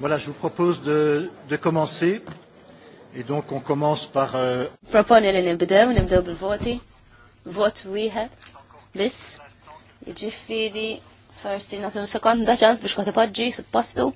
Voilà, je vous propose de, de commencer. Et donc, on commence par... Euh... Propone li nibdew, nibdew bil-voti. Vot wieħed, biss. Iġifiri, farsi natu sekonda ċans biex kota poġġi, suppostu.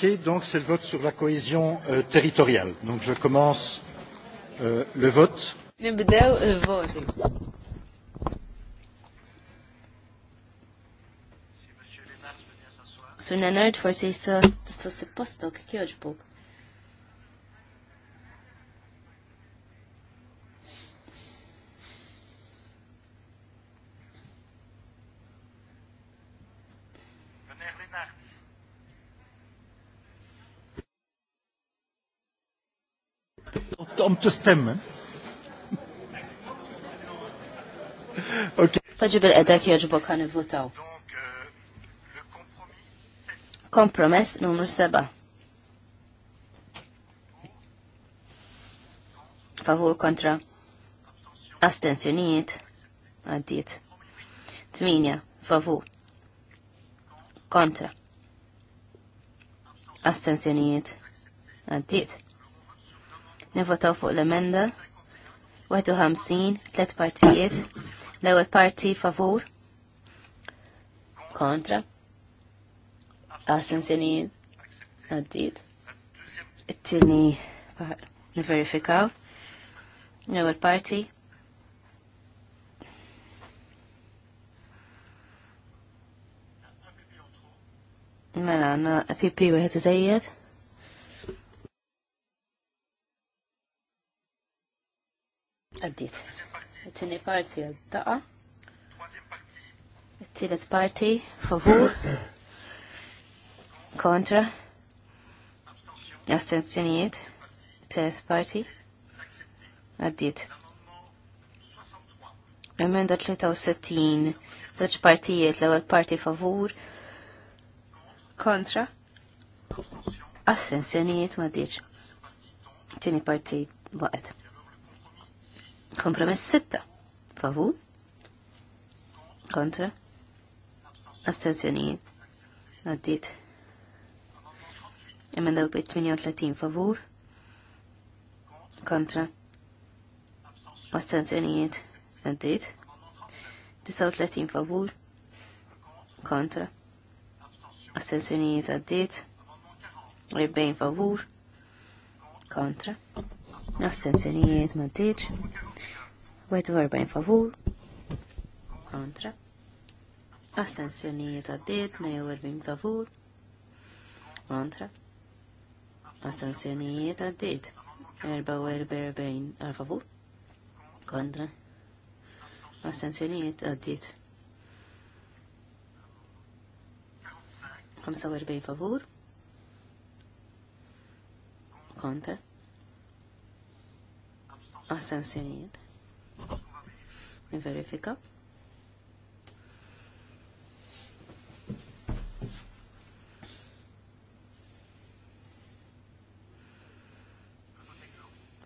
attaquer, donc, c'est le vote sur la cohésion euh, territoriale. Donc, je commence euh, le vote. Nibdew il-voti. Sur Nenard, forsi jista a sippostok kjoġbuk. inte stämmer. Eh? Taġib il-edek jieġbok għan votaw Kompromess numru 7. Favur kontra. Astensjonijiet. Għaddiet. 8. Favur. Kontra. Astensjonijiet. Għaddiet nivotaw fuq l-emenda. 51, tlet partijiet, l ewel parti favur, kontra, assenzjonijiet, għaddit. it tini niverifikaw, l ewel parti, Mela, na PP wieħed iżejjed. Għaddit. Il-tini parti għaddaqa. Il-tilet parti favur. Kontra. Astenzjonijiet. Teles parti. Għaddit. Emenda 63. Zoċ partijiet l-ewel parti favur. Kontra. Assenzjonijiet ma għaddit. Tini parti waqt. Kompromess 6. Favur. Kontra. Astenzjonijiet. Għaddit. Emenda 38 favur. Kontra. Astenzjonijiet. Għaddit. 39 favur. Kontra. Astenzjonijiet għaddit. 40 favur. Kontra. Astenzjonijiet ma 41 favur. Kontra. Astenzjonijiet għaddiet. 42 favur. Kontra. Astenzjonijiet għaddiet. 44 għal favur. Kontra. Astenzjonijiet għaddiet. 45 favur. Kontra. Astensjonijiet. Niverifika.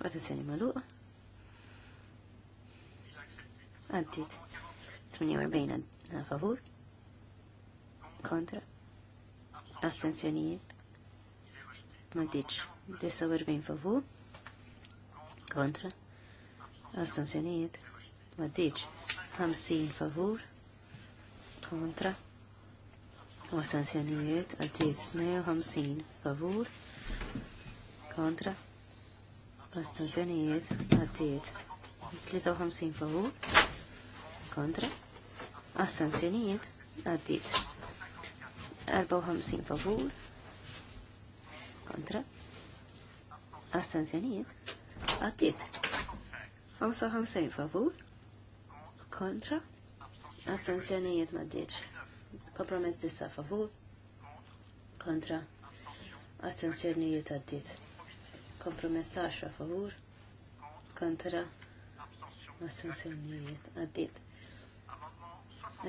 Għat s-seni maluqa. Għaddit. 48 na favur. Kontra. Astensjonijiet. Maddiċ. 49 favur. Kontra astensjonijiet maddiċ 50 favur kontra u astensjonijiet għaddiet 52 favur kontra astensjonijiet għaddiet 53 favur kontra astensjonijiet għaddiet 54 favur kontra astensjonijiet għaddiet 55 favur kontra astensjonijiet maddiċ. Kompromess disa favur kontra astensjonijiet għaddit. Kompromess 10 favur kontra astensjonijiet għaddit.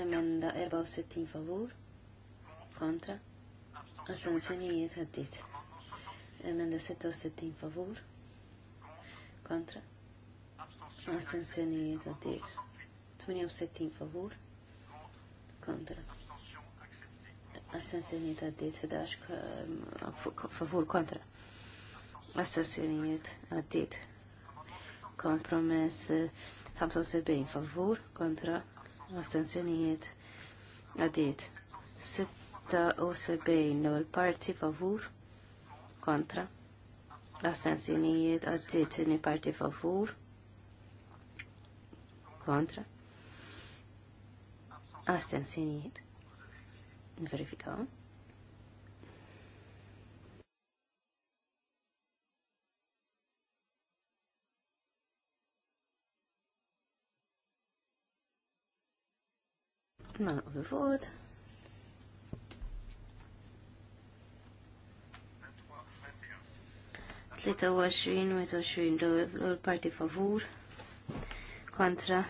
Emenda 64 favur kontra astensjonijiet għaddit. Emenda 66 favur kontra Astenzjonijiet għaddit. 68 favur kontra. Astenzjonijiet għaddit 11 favur kontra. Astenzjonijiet għaddit. Kompromess 75 eh, favur kontra astenzjonijiet għaddit. 76 l-ewwel parti favur kontra astenzjonijiet għaddit ni parti favur kontra astensjonijiet verifikaw. Nalqu l-vot. Tlita u għaxrin, u għaxrin, l-parti favur, kontra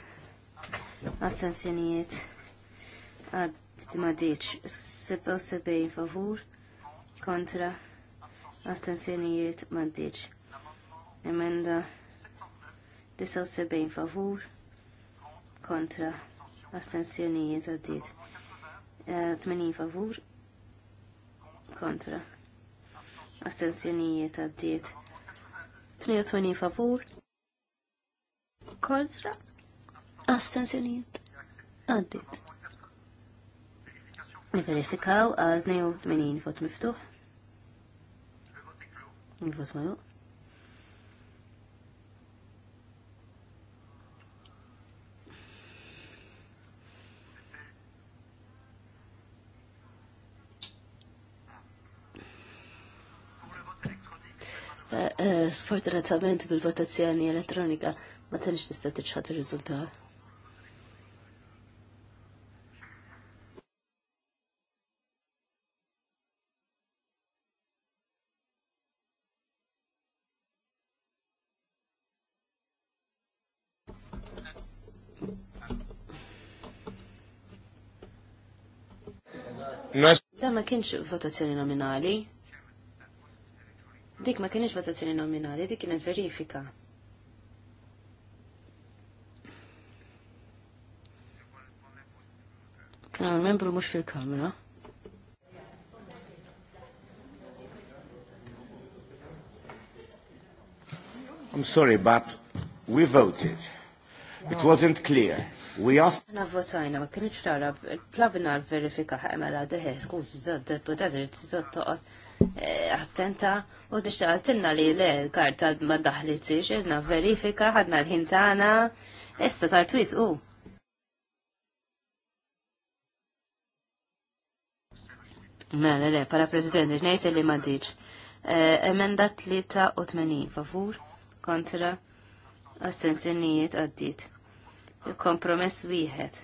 astensjonijiet għad madiċ 77 favur kontra astensjonijiet madiċ emenda 79 favur kontra astensjonijiet għaddit eh, 80 favur kontra astensjonijiet għaddit 82 favur kontra astensjonijiet għaddit. Niverifikaw għal 82 vot miftuħ. Il-vot malu. Eh, eh, Sfortunatament bil-votazzjoni elettronika ma tantx tista' tiċħad il riżultat Da ma kienx votazzjoni nominali. Dik ma kienx votazzjoni nominali, dik kienet verifika. Kena membru mux fil-kamra. I'm sorry, but we voted. It wasn't clear. We asked... Na votajna, ma kienieċ rara, plabna l-verifika ħemela deħe, skuż, deputat ġizzot toqot eh, attenta u biex taqtilna li l-karta ma daħlitx, ġedna verifika, ħadna l-ħintana, issa tar twis u. Mela, le, para president, ġnejt li ma diġ. Eh, emenda 83, favur, kontra, astenzjonijiet għaddit. Kompromess wieħed.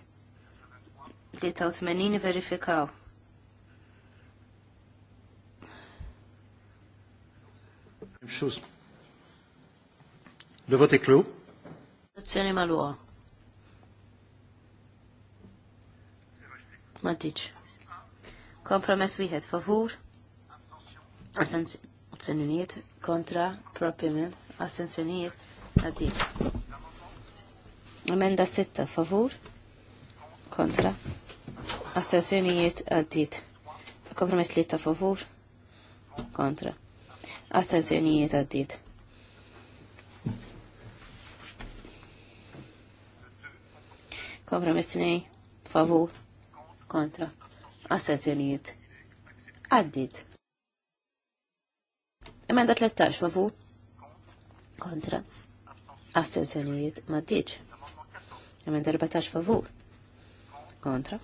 83 verifikaw. Mxus. Dovoti klu? Azzjoni mal-uqa. Ma diċ. Kompromess wieħed favur. Astenzjonijiet kontra propjament astenzjonijiet għaddit. Amenda sitta favur kontra Astensjonijiet. għaddit. Kompromess li ta' favur kontra astenzjonijiet għaddit. Kompromess nej favur kontra Assenzjonijiet. Għaddit. Emenda 13 favur. Kontra. Astenzjonijiet ma ddiċ. Emenda 14 favur. Kontra.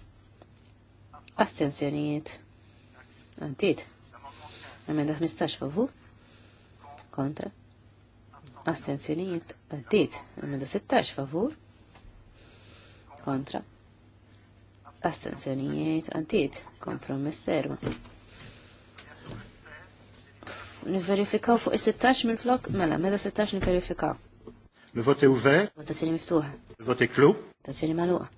Astenzjonijiet. Għaddit. Emenda 15 favur. Kontra. Astenzjonijiet. Għaddit. Emenda 16 favur. Kontra astenzjonijiet għantiet kompromess erba. Niverifikaw fuq 16 minn flok, mela, meta mela 16 niverifikaw. Il-vot est ouvert. Votazzjoni miftuħa. Il-vot est Votazzjoni maluqa.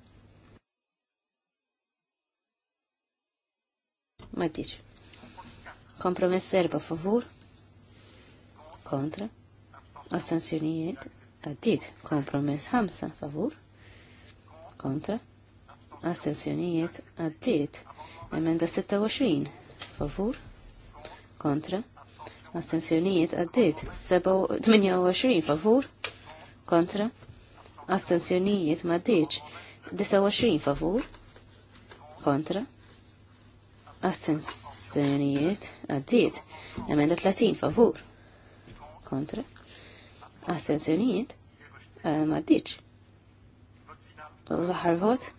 Ma ddiċ. Kompromess erba favur. Kontra. Astenzjonijiet. Għaddit. Kompromess ħamsa favur. Kontra astensjonijiet għaddiet. Emenda 26 favur kontra astensjonijiet għaddiet. 28 favur kontra astensjonijiet maddiċ. 29 favur kontra astensjonijiet għaddiet. Emenda 30 favur kontra astensjonijiet eh, maddiċ. L-ħarvot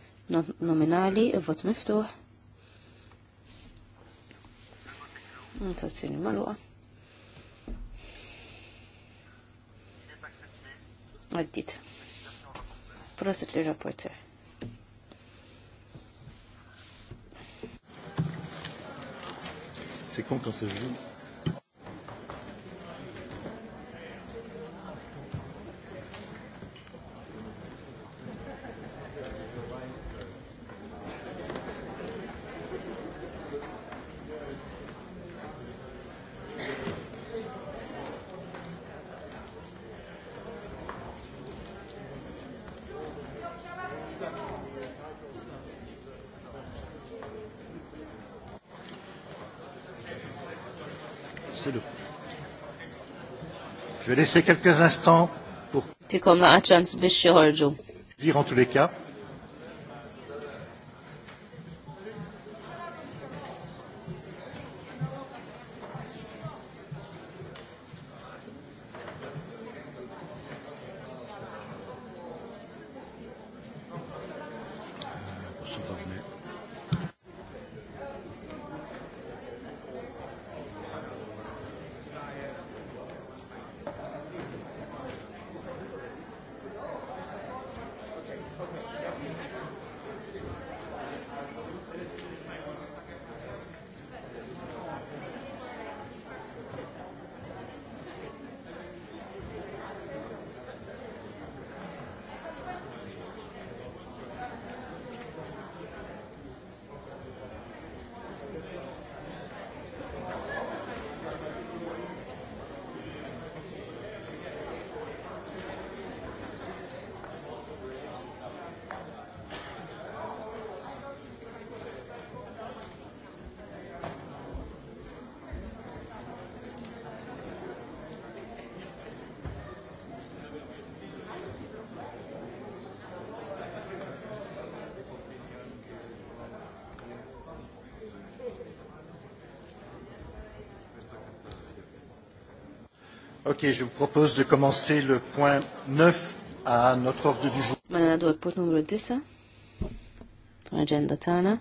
nominali, il-vot miftuħ. Notazzjoni maluqa. Għaddit. Prosit li rapporter. C'est con quand ça joue Je vais laisser quelques instants pour... Tikom la ċans biex joħorġu. Dire en tous les cas. Ok, je vous propose de commencer le point 9 à notre ordre du jour. Madame nadu l numéro 10. tana.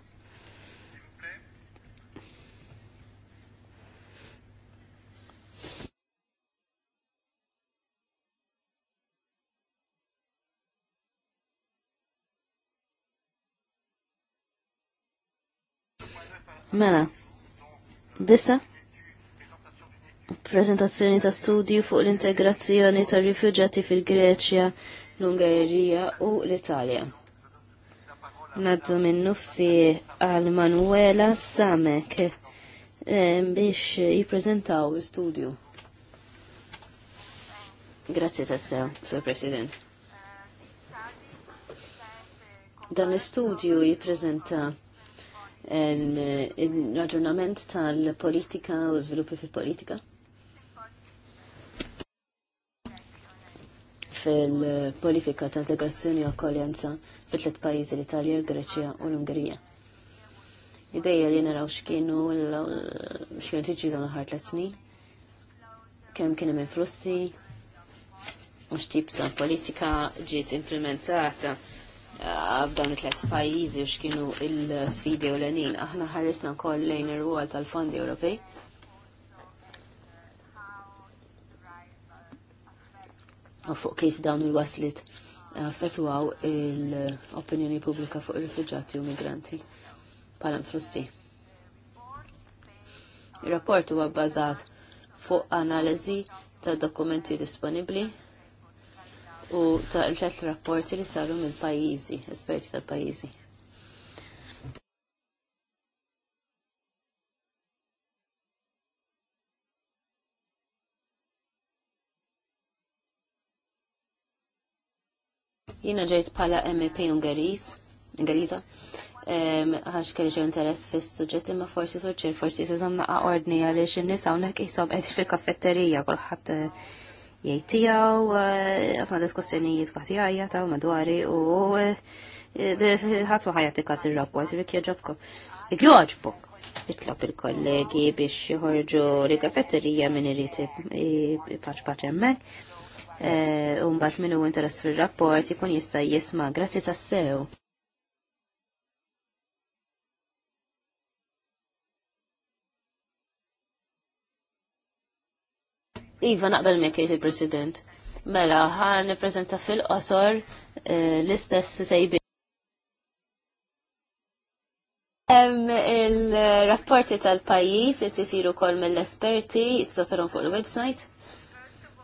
Mela, disa, prezentazzjoni ta' studju fuq l-integrazzjoni ta' rifugjati fil-Greċja, l-Ungerija u l-Italja. Naddu minnu fi għal Manuela Samek biex jiprezentaw l-studju. Grazie sew, Sir President. Dan l-studju jiprezenta l-raġunament tal-politika u sviluppi fil-politika fil-politika ta' integrazzjoni u akkoljenza fit-tliet pajjiżi l-Italja, l-Greċja u l-Ungerija. Ideja li naraw x'kienu x'kienu tiġi dan l-ħar tliet snin, kemm kien hemm influssi, mux tip ta' politika ġiet implementata ah, f'dawn it-tlet pajjiżi u x'kienu l sfidi u l-għanin. Aħna ħarrisna wkoll lejn ir-rwol tal-fondi Ewropej u fuq kif dawn il-waslit eh, affettwaw l-opinjoni pubblika fuq il-rifugġati u migranti bħala mflussi. Il-rapport huwa bbażat fuq analiżi ta' dokumenti disponibbli u ta' riflett rapporti li saru mill-pajjiżi, esperti tal-pajjiżi. Jina ġejt bħala MEP Ungeriz, Ungeriza, għax kelli xi interess fis-suġġett imma forsi soċċir forsi se naqqa' ordni għaliex in-nies hawnhekk jisob għedx fil-kaffetterija kulħadd eh, jgħid tiegħu eh, diskussjonijiet diskussjonijiet kaħtijajja taw madwari u ħatwa ma ħajja kas ir għazi jekk jogħġobkom. Jekk jogħġbok itlob il-kollegi biex joħorġu li kafetterija minn irriti paċ paċ emmek. Eh, u mbagħad min hu interess fir-rapport ikun jista' jisma' grazzi tassew. Iva naqbel mek il-President. Mela, ħan prezenta fil-qosor eh, l-istess sejbi. Il-rapporti tal-pajis, it-tisiru kol mill-esperti, it fuq il-website.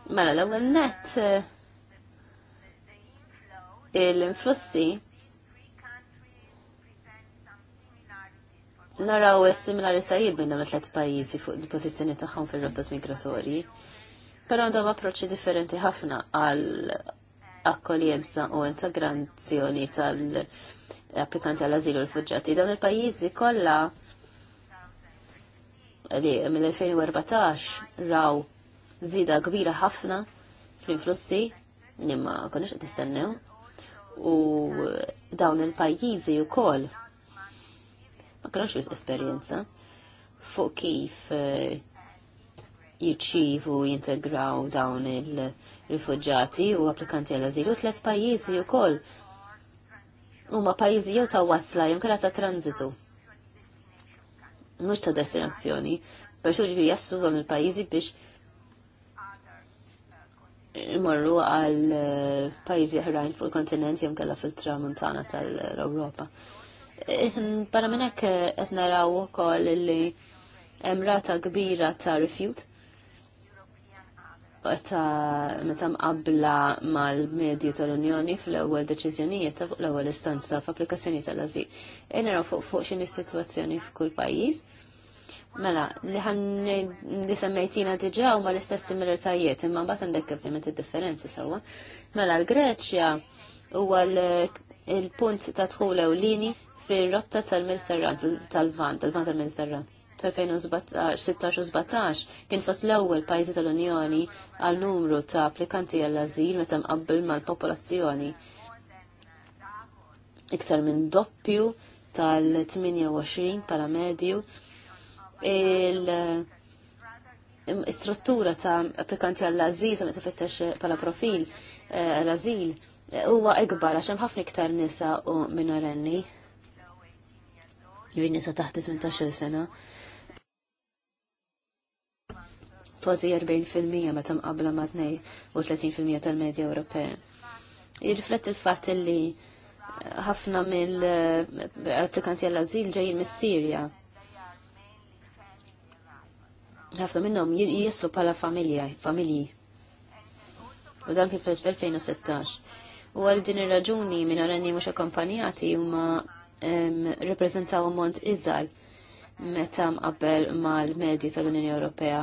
Mela l-ewwel net eh, l-influssi naraw is-similaritajiet bejn dawn it-tliet pajjiżi fuq il-pożizzjoni tagħhom fir-rotot migratorji, però għandhom approċċi differenti ħafna għal akkoljenza u integrazzjoni tal-applikanti għal azilu l-fuġġati. Dawn il-pajjiżi kollha li mill-2014 raw zida kbira ħafna fl-influssi li ma konniex nistennew u dawn il-pajjiżi wkoll ma kienx wis esperjenza fuq kif eh, jirċivu jintegraw dawn il-rifugġati u applikanti għal-azilu tliet pajjiżi wkoll ma pajjiżi jew ta' wasla jew kella ta' tranzitu. Mhux ta' destinazzjoni, persuni jassu għom il pajjiżi biex imorru għal eh, pajjiżi oħrajn fuq il-kontinent jem kalla fil-tramuntana tal-Ewropa. Eh, barra minn hekk eh, qed naraw ukoll li hemm rata kbira ta' rifjut ta' meta mqabbla mal-medju tal-Unjoni fl-ewwel deċiżjonijiet ta' fuq l-ewwel istanza f'applikazzjoni tal azil Ejn naraw fuq fuq x'in is sitwazzjoni f'kull pajjiż Mela, li ħan li semmejtina diġa u ma l-istess similitajiet, imma mbagħad għandek ovvjament id-differenzi sewwa. Mela l-Greċja huwa l-punt ta' dħul ewlieni fir-rotta tal-Mediterran tal-Vant, tal-Vant tal-Mediterran. 2016-17 kien fost l-ewwel pajjiżi tal-Unjoni għal numru ta' applikanti għall azil meta mqabbel mal-popolazzjoni. Iktar minn doppju tal-28 pala medju il-struttura ta' applikanti għall-azil, ta' metafittax pala profil eh, l-azil, eh, huwa ikbar għax hemm ħafna iktar nisa u minorenni. Jien nisa taħt 18 sena. Kważi 40% meta mqabla ma' 30% tal-medja Ewropea. Jirrifletti il-fatt li ħafna mill-applikanti eh, għall-azil ġejjin mis-Sirja ħafna minnhom jislu bħala familja, familji. U dan kif fil-2016. U għal din ir-raġuni minn oranni mhux akkompanjati huma rappreżentaw ammont iżgħar meta mqabbel mal-medji tal-Unjoni Ewropea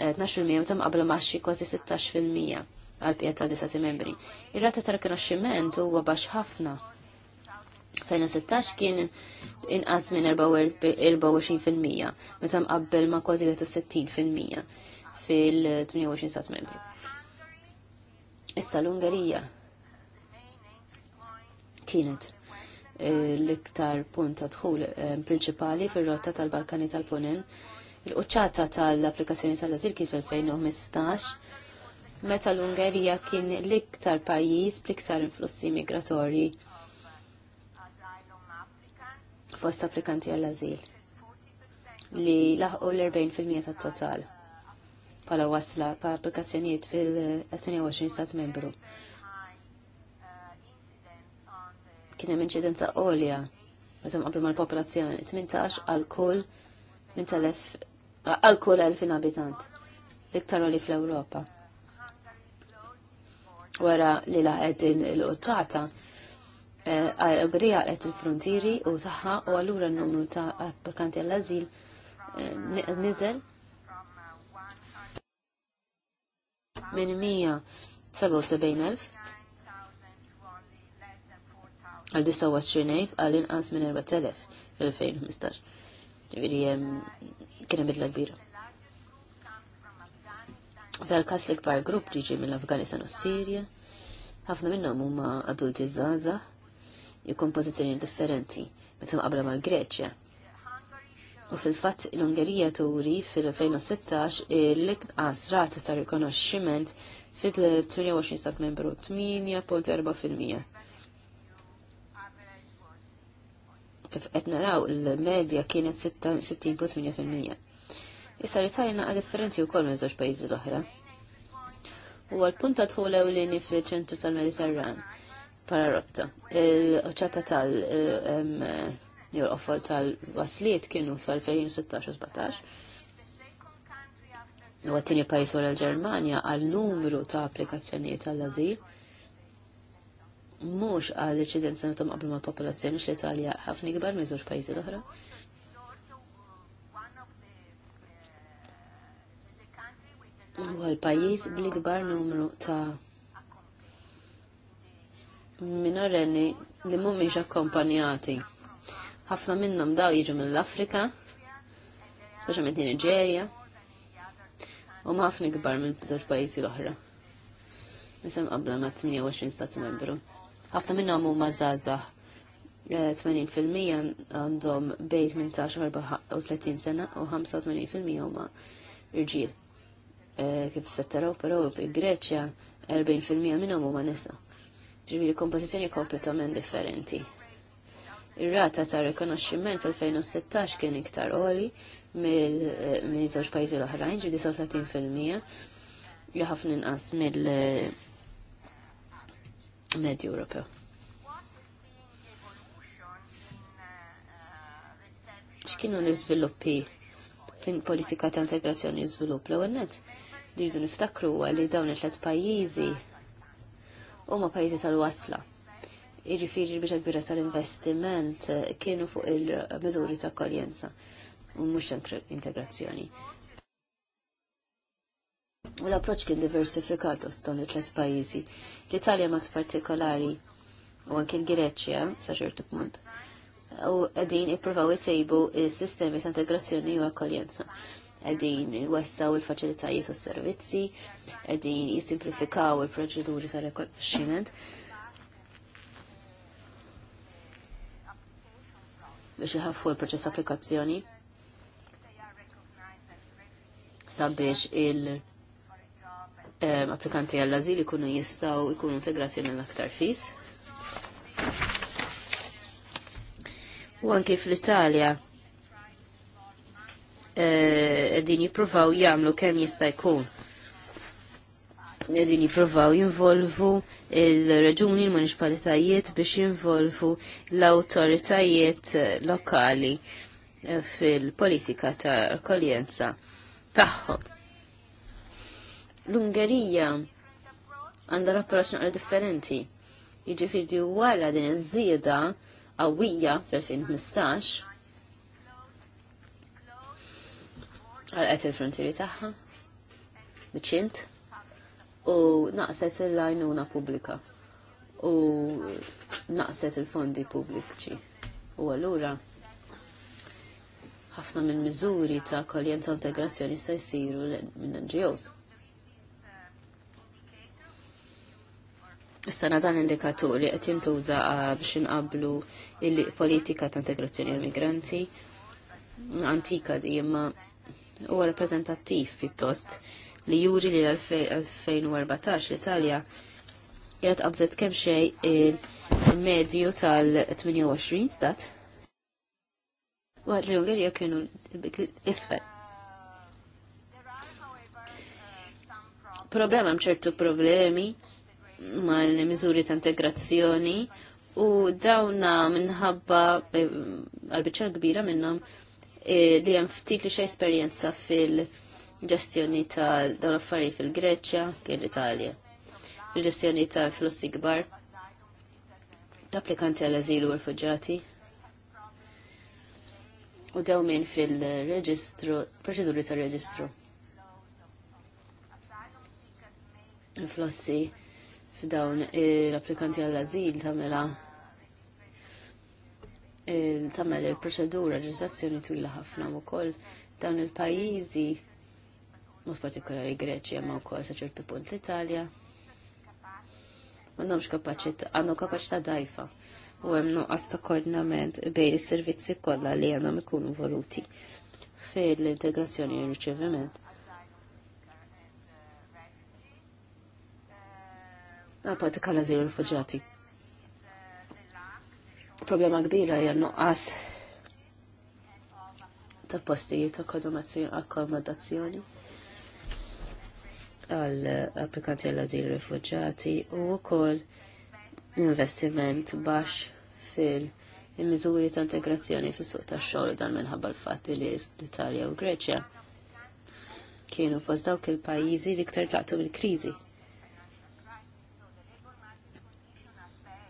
12% eh, meta mqabbel ma' xi kważi 16% għal pjata ta' disati membri. Ir-rata ta' rikonoxximent huwa baxx ħafna 2016 kien inqas minn 24% meta mqabbel ma' kważi 60% fil-28 stat membri. Issa l-Ungerija kienet eh, l-iktar punt ta' dħul eh, prinċipali fir-rotta tal-Balkani tal-Ponen. Il-quċċata tal-applikazzjoni tal-azil kien fil-2015 meta l-Ungerija kien l-iktar pajjiż bl-iktar influssi migratorji fost applikanti għal azil li laħqu l-40% tat-total pala wasla pa' applikazzjoniet fil-22 stat membru. Kien hemm inċidenza għolja meta ma l popolazzjoni 18 għal kull 8000 għal kull għal-fin abitant liktar iktar li fl-Ewropa. Wara li laħed din l-qottata għal-Ungerija għalet il-frontieri u taħħa u għallura n-numru ta' applikanti għall-azil eh, nizel minn 177.000 għal 29.000 għal inqas minn 4.000 fil-2015. Ġiviri kienem bidla kbira. Fil-kas l-ikbar grupp mill-Afganistan u Sirja, ħafna minnhom huma adulti żgħażagħ jkun differenti meta mqabla mal-Greċja. U fil-fatt l-Ungerija turi fil-2016 l-ikqas rata ta' rikonoxximent fil-28 stat membru 8.4%. Kif qed naraw il-medja kienet 60.8%. Issa li tajna differenti wkoll minn żewġ pajjiżi l-oħra. U għal-punta tħolew li fil-ċentru tal-Mediterran Pararotta. Il-ċata tal- jew offol tal-wasliet kienu fl-2016-17. U għattini pajis għal ġermania għal-numru ta' applikazzjonijiet tal-azil mux għal-incidenza natom qablu ma' popolazzjoni x-l-Italja ħafna gbar minn żewġ pajjiżi l-oħra. U għal pajjiż bl-ikbar numru ta' minorenni li mhumiex akkompanjati. Ħafna minnhom daw jiġu mill-Afrika, speċjalment Niġerja, u ħafna kbar minn żewġ pajjiżi l-oħra. Nisem qabla ma' 28 stati membru. Ħafna minnhom huma żgħażagħ 80% eh, għandhom bejt minn 30 sena u 85% huma irġiel. Eh, kif fettaraw, però il-Greċja 40% minnhom huma nisa ġiviri kompożizzjoni kompletament differenti. Ir-rata ta' rikonoxximent fil-2016 kien iktar għoli mill eh, żewġ pajjiżi l-oħrajn, ġi 39 fil-mija, li ħafna inqas mill-Medju eh, Ewropew. x'kienu l-iżviluppi fin politika ta' integrazzjoni u żvilupp l ewwel nett li niftakru li dawn it-tliet pajjiżi huma pajjiżi tal-wasla. Jiġifieri biex kbira tal-investiment eh, kienu fuq il-miżuri ta' kaljenza u mhux integrazzjoni. U l-approċ kien diversifikat u stoni tlet pajizi. L-Italja mat partikolari u anki l-Greċja, sa ċertu punt. U għedin ippruvaw tejbu il-sistemi ta' integrazzjoni u akkoljenza għedin jwessaw il facilitajiet u s-servizzi, għedin jisimplifikaw il-proċeduri ta' rekonximent biex jħaffu il-proċess applikazzjoni sabiex il- applikanti għall-azil ikunu jistaw ikunu integrati l aktar fis. U anki fl-Italja qegħdin eh, jippruvaw jagħmlu kemm jista' jkun. Qegħdin jippruvaw jinvolvu il-reġuni l-municipalitajiet biex jinvolvu l-awtoritajiet lokali fil-politika ta' kolienza tagħhom. L-Ungerija għandha rapproċċ naqra differenti. Jiġifieri wara din iż-żieda qawwija fil 2015 għalqet il-frontieri tagħha miċint, u naqset il-lajnuna pubblika u naqset il-fondi publikċi. U allura ħafna minn miżuri ta' kolljenza integrazzjoni se jsiru minn NGOs. Issa dan indikatori li qed jintuża ah, biex inqablu il-politika ta' integrazzjoni għal migranti antika di imma huwa rappreżentattiv pjuttost li juri li l-2014 l-Italja jgħat qabżet kemm xej il-medju tal-28 stat. Waqt li l-Ungerija kienu isfel. Problema mċertu problemi ma l-mizuri ta' integrazzjoni u dawna minħabba eh, għalbiċċa kbira minnom Eh, li hemm ftit li xejn esperjenza fil-ġestjoni ta' dawn l-affarijiet fil-Greċja kien l-Italja. Fil-ġestjoni ta' flussi kbar ta' applikanti għal azilu u rifugġati. U dew minn fil-reġistru, proċeduri ta' reġistru. Flussi f'dawn eh, l-applikanti għal azil mela tagħmel il-proċedura ġizazzjoni twila ħafna wkoll dawn il-pajjiżi mus partikolari Greċja ma wkoll sa ċertu punt l-Italja. M'għandhomx kapaċità, għandhom kapaċità dajfa u hemm nuqqas ta' koordinament bejn is-servizzi kollha li għandhom ikunu voluti fejn l-integrazzjoni u riċeviment. Għal partikola problema kbira hija nuqqas ta' postijiet akkomodazzjoni għal applikanti għal azil rifugġati u wkoll investiment baxx fil- il-miżuri ta' integrazzjoni fis suq tax xogħol dan minħabba l-fatt li l-Italja u Greċja kienu fost dawk il-pajjiżi li ktar taqtu mill-kriżi.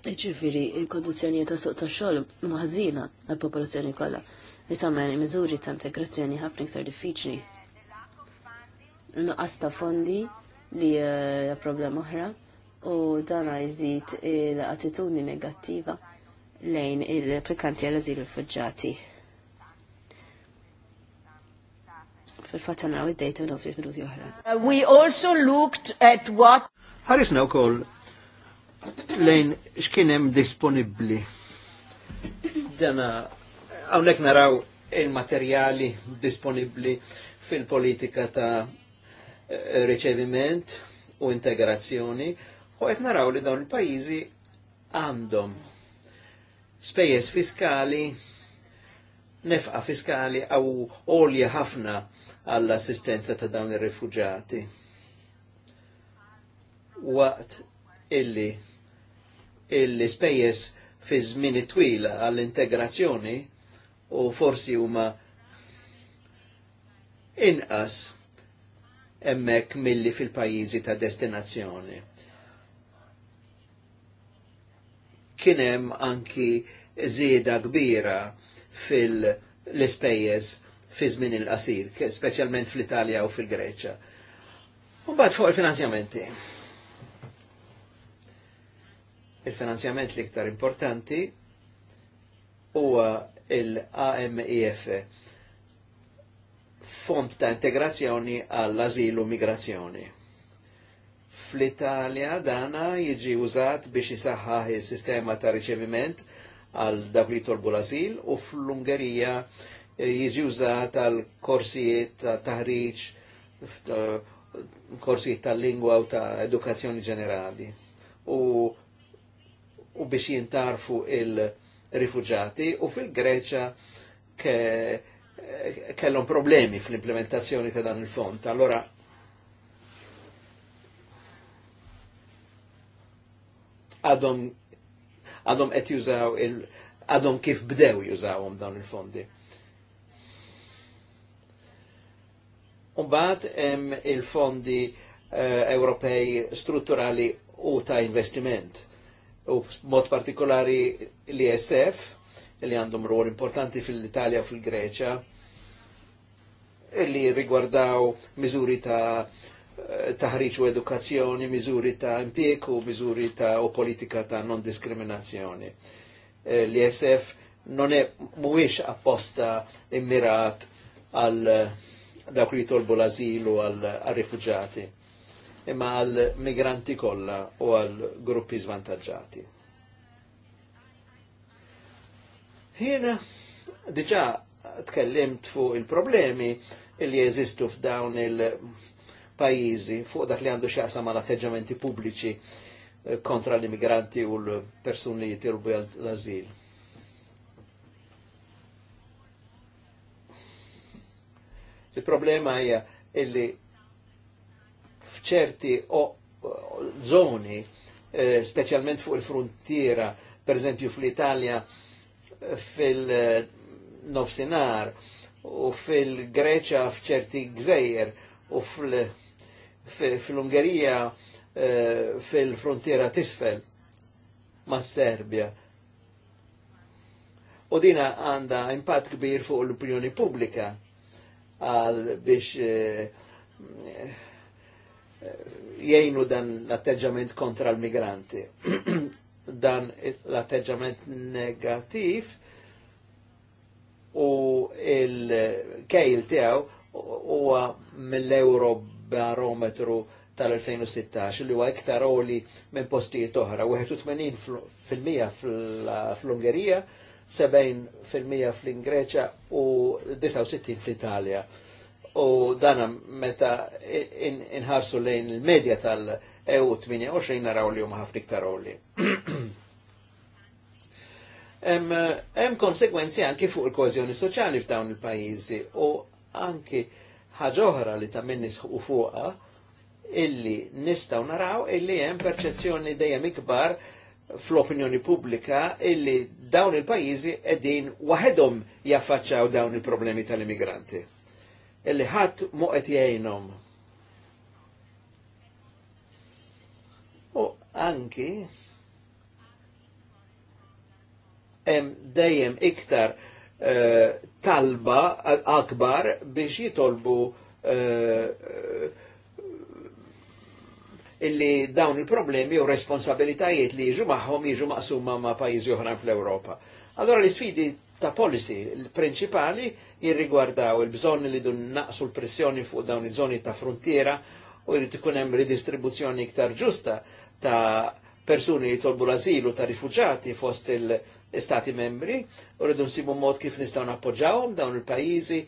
Ġifiri, il-kondizjoni ta' suq ta' xol maħzina għal-popolazzjoni kollha li tamen, miżuri ta' integrazzjoni ħafna iktar diffiċli. Nuqqas ta' fondi li eh, hija problem oħra u dan jżid l-attitudni negattiva lejn il-applikanti għal-azil fuġġati. Fil-fatt għanna id-dejta u minuti oħra. Uh, we also looked at what. Ħarisna koll lejn x'kienem disponibli. Dana hawnhekk naraw il-materjali disponibli fil-politika ta' eh, riċeviment u integrazzjoni u qed naraw li dawn il-pajjiżi għandhom spejjeż fiskali nefqa fiskali għaw olja ħafna għall-assistenza ta' dawn ir-rifuġati. Waqt illi l ispejjes fi żmien twil għall-integrazzjoni u forsi huma inqas emmek milli fil-pajjiżi ta' destinazzjoni. Kienem anki żieda kbira fil ispejjeż fi żmien il-qasir, speċjalment fl-Italja u fil-Greċja. U bad fuq il-finanzjamenti. Il-finanzjament l-iktar importanti huwa il-AMIF, e Fond ta' Integrazzjoni għall-Azilu Migrazzjoni. Fl-Italja dana jiġi użat biex jisaħħaħ il-sistema ta' riċeviment għal dawk li torbu l-azil u fl-Ungerija eh, jiġi użat għal korsijiet ta' taħriġ, eh, korsijiet tal-lingwa u ta' edukazzjoni ġenerali. U u biex jintarfu il-rifugġati u fil-Greċa kellom ke eh, problemi fl-implementazzjoni ta' dan il-fond. Allora għadhom għadhom għet jużaw il għadhom kif bdew jużawhom dan il-fondi. Umbat hemm il-fondi uh, Ewropej strutturali u ta' investiment u mod partikolari l-ISF, li għandhom rol importanti fil-Italja u fil-Greċa, li rigwardaw miżuri ta' taħriċ u edukazzjoni, miżuri ta' impieku, miżuri ta' u politika ta' non-diskriminazzjoni. L-ISF non e muwix apposta immirat għal dawk li jitolbu l-azilu għal rifugjati imma għal migranti kollha u għal gruppi zvantagġati. Ħina diġà tkellimt fuq il-problemi li jeżistu f'dawn il-pajjiżi fuq dak li għandu x'jaqsam għal atteġġamenti pubbliċi eh, kontra l-immigranti u l-persuni li jitirbu l-azil. Il-problema hija illi f'ċerti zoni, eh, specialment fuq il-frontiera, per eżempju fl-Italja, fil-Nofsinar, eh, u fil-Greċa f'ċerti gżejjer, u fil ungerija eh, fil-frontiera tisfel ma' Serbia. U dina għanda impatt kbir fuq l-opinjoni publika għal biex eh, jgħinu dan l-atteġġament kontra l-migranti. dan l-atteġġament negativ u il-kejl tijaw huwa mill-euro barometru tal-2016 li huwa iktar oli minn postijiet oħra, 81 fil-mija fl-Ungerija, 70 fil-mija fl-Ingreċa u 69 fl-Italja. Fl u dana meta inħarsu lejn il-medja tal-EU28 naraw li jumma ħafna iktar li. Hemm konsekwenzi anki fuq il-kozjoni soċjali f'dawn il-pajjiżi u anki ħaġa oħra li ta' minn u fuqha illi nistgħu naraw illi hemm perċezzjoni dejjem ikbar fl-opinjoni pubblika illi dawn il-pajjiżi qegħdin waħedhom jaffaċċaw dawn il-problemi tal-immigranti illi ħadd mu qed jgħinhom. U anki hemm dejjem iktar uh, talba akbar biex jitolbu uh, illi dawn il-problemi u responsabilitajiet li jiġu magħhom jiġu maqsuma ma' pajjiżi oħra fl-Ewropa. Allora l sfidi ta' policy l-prinċipali jirrigwardaw il-bżonn li dun naqsu l-pressjoni fuq dawn iż-żoni ta' frontiera u jrid ikun hemm ridistribuzzjoni iktar ġusta ta' persuni li tolbu l-azilu ta' rifuġati fost il-Stati membri u rridu nsibu mod kif nistgħu nappoġġawhom dawn il-pajjiżi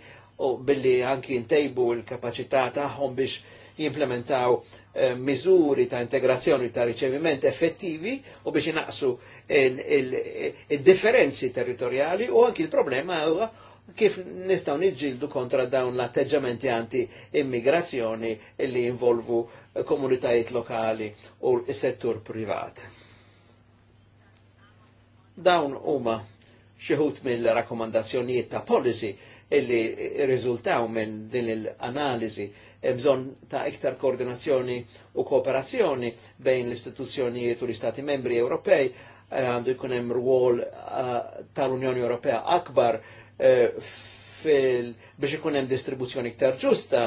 u billi anki ntejbu l-kapaċità tagħhom biex jimplementaw eh, miżuri ta' integrazzjoni ta' riċeviment effettivi u biex inaqsu il-differenzi territoriali u anki il-problema huwa kif nistaw nġildu kontra dawn l-atteġġamenti għanti immigrazjoni li involvu komunitajiet lokali u s-settur privat. Dawn huma xieħut mill-rakkomandazzjonijiet ta' policy illi rizultaw minn din l-analiżi bżon ta' iktar koordinazzjoni u kooperazzjoni bejn l-istituzzjonijiet u l-Istati membri Ewropej eh, għandu jkun hemm rwol eh, tal-Unjoni Ewropea akbar Eh, fil biex ikun hemm distribuzzjoni iktar ġusta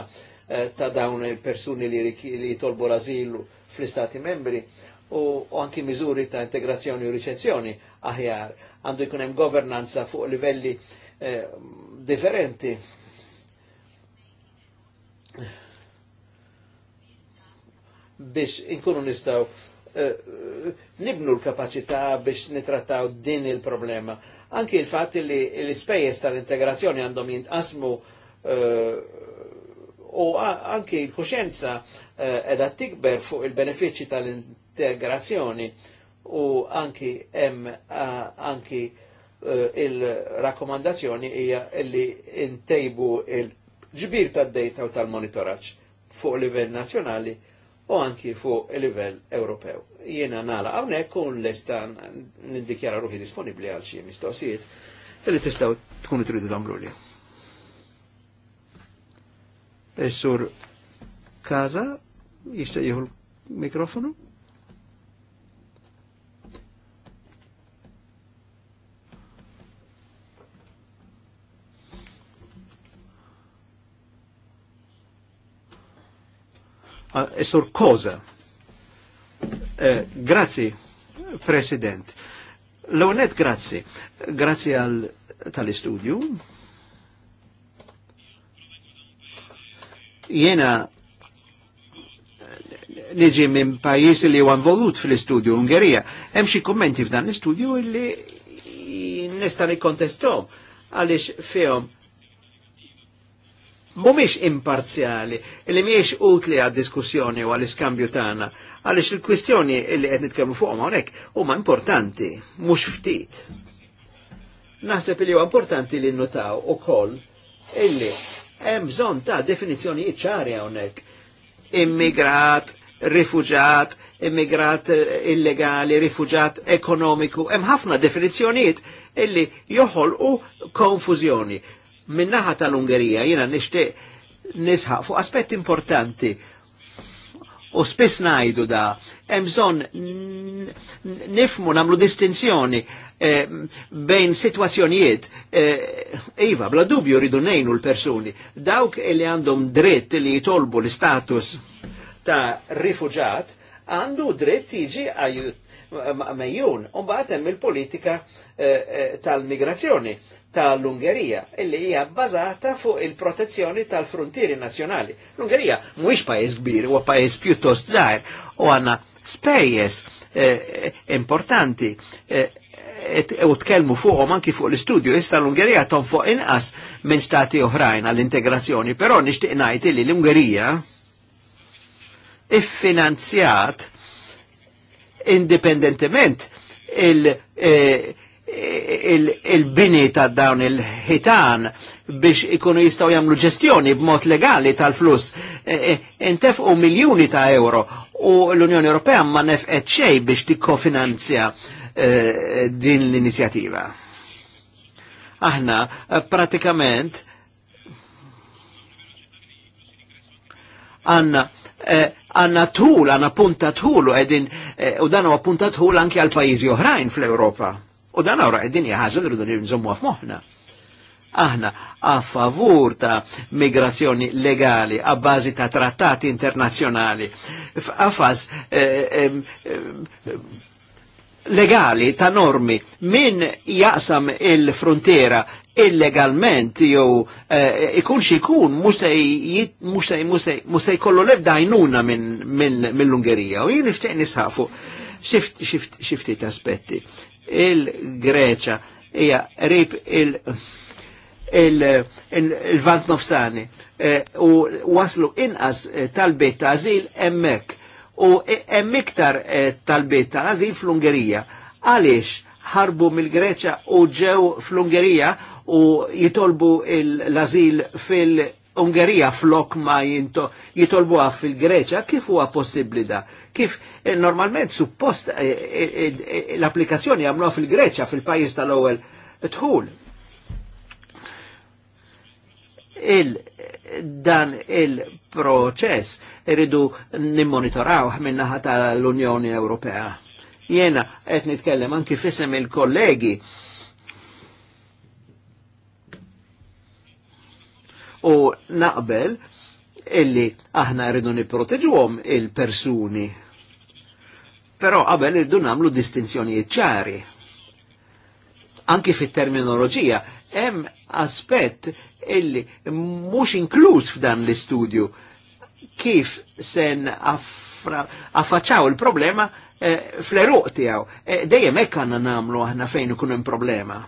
eh, ta' dawn il-persuni li li tolbu l-azilu fl-istati membri u anki miżuri ta' integrazzjoni u riċezzjoni aħjar għandu jkun hemm governanza fuq livelli eh, differenti. biex inkunu nistaw Eh, nibnu l-kapacità biex nitrattaw din il-problema. Anki il fat li l-ispejjeż tal-integrazzjoni għandhom jintqasmu eh, u anki l-kuxenza eh, edha tikber fuq il benefici tal-integrazzjoni u anki hemm anki il-rakkomandazzjoni hija li intejbu il-ġbir tad-dejta u tal-monitoraġġ fuq livell nazzjonali u anki fuq il-livell Ewropew. Jiena nala għawnek kun l-istan nindikjara ruħi disponibbli għal xi mistoqsijiet li tistaw tkun tridu damlu li. is Kaza jixtieq jieħu l-mikrofonu? E sur Koza. Eh, President. Leonet grazie. Grazie al tale studio. Jena eh, neġi minn pajis li għan volut fl-istudju Ungerija. Hemm xi kummenti f'dan l-istudju li nista' nikkontestom għaliex fihom mumiex imparzjali, li miex utli għad diskussjoni u għal-iskambju tagħna, għaliex il-kwistjoni li qed nitkellmu fuqhom hawnhekk huma importanti, mhux ftit. Naħseb li huwa importanti li nnutaw ukoll illi hemm bżonn ta' definizzjonijiet ċari hawnhekk. Immigrat, rifuġat, immigrat illegali, rifuġat ekonomiku, hemm ħafna definizzjonijiet illi joħolqu konfużjoni Minnaħa tal-Ungerija jina nishtiq nisħaq fuq aspett importanti u spess najdu da, emżon nifmu namlu distinzjoni eh, bejn situazzjonijiet. Eh, iva, bla dubju ridu nejnu l-persuni, dawk li għandhom dritt li jitolbu l-status ta' rifugġat, għandu dritt jiġi mejjun. U hemm il-politika eh, eh, tal-migrazzjoni tal-Ungerija, illi hija bbażata fuq il-protezzjoni tal-frontieri nazzjonali. L-Ungerija mhuwiex pajjiż kbir, huwa pajjiż pjuttost żgħir u għandna spejjeż eh, importanti u tkellmu fuqhom anki fuq l-istudju issa l-Ungerija tom fuq inqas minn stati oħrajn għall-integrazzjoni, però nixtieq ngħid li l-Ungerija iffinanzjat indipendentement il-bini eh, il, il, il ta' dawn il-ħitan biex ikunu jistaw jamlu ġestjoni b'mod legali tal-flus. Eh, eh, u miljoni ta' euro u l-Unjoni Ewropea ma nefqet xej biex tikkofinanzja din l-inizjativa. Aħna pratikament għanna eh, għanna tħul, għanna punta tħul u għedin, eh, u dan huwa punta tħul anki għal pajizi oħrajn fl-Europa. U dan għura għedin jħazza li rridu għaf moħna. Aħna a favur ta' migrazzjoni legali a bazi ta' trattati internazzjonali f'qafas eh, eh, legali ta' normi min jaqsam il-frontiera illegalment jew eh, ikun xi jkun mhux se jkollu lebda għajnuna mill-Ungerija. U jien nixtieq nisħaq fuq xi ftit aspetti. Il-Greċa hija rib il- il-vant nofsani eh, u waslu inqas eh, talbiet ta' azil emmek u emmiktar talbiet ta' azil fl-Ungerija. Għaliex ħarbu mill-Greċa u ġew fl-Ungerija u jitolbu l-azil fil- Ungerija flok ma jinto jitolbuha fil-Greċa, kif huwa possibbli da? Kif eh, normalment suppost eh, eh, l-applikazzjoni għamlu fil-Greċa fil-pajjiż tal-ewwel tħul. Il dan il-proċess iridu nimmonitoraw minnaħa tal-Unjoni Ewropea. Jena qed nitkellem anki fisem il-kollegi u naqbel illi aħna rridu niprotegġuhom il-persuni. Però qabel irridu nagħmlu distinzjonijiet ċari. Anki fit-terminoloġija hemm aspett illi mhux inkluż f'dan l-istudju kif sen affaċċaw il-problema eh, fl-eruq tiegħu. Eh, dejjem hekk għandna nagħmlu aħna fejn ikun hemm problema.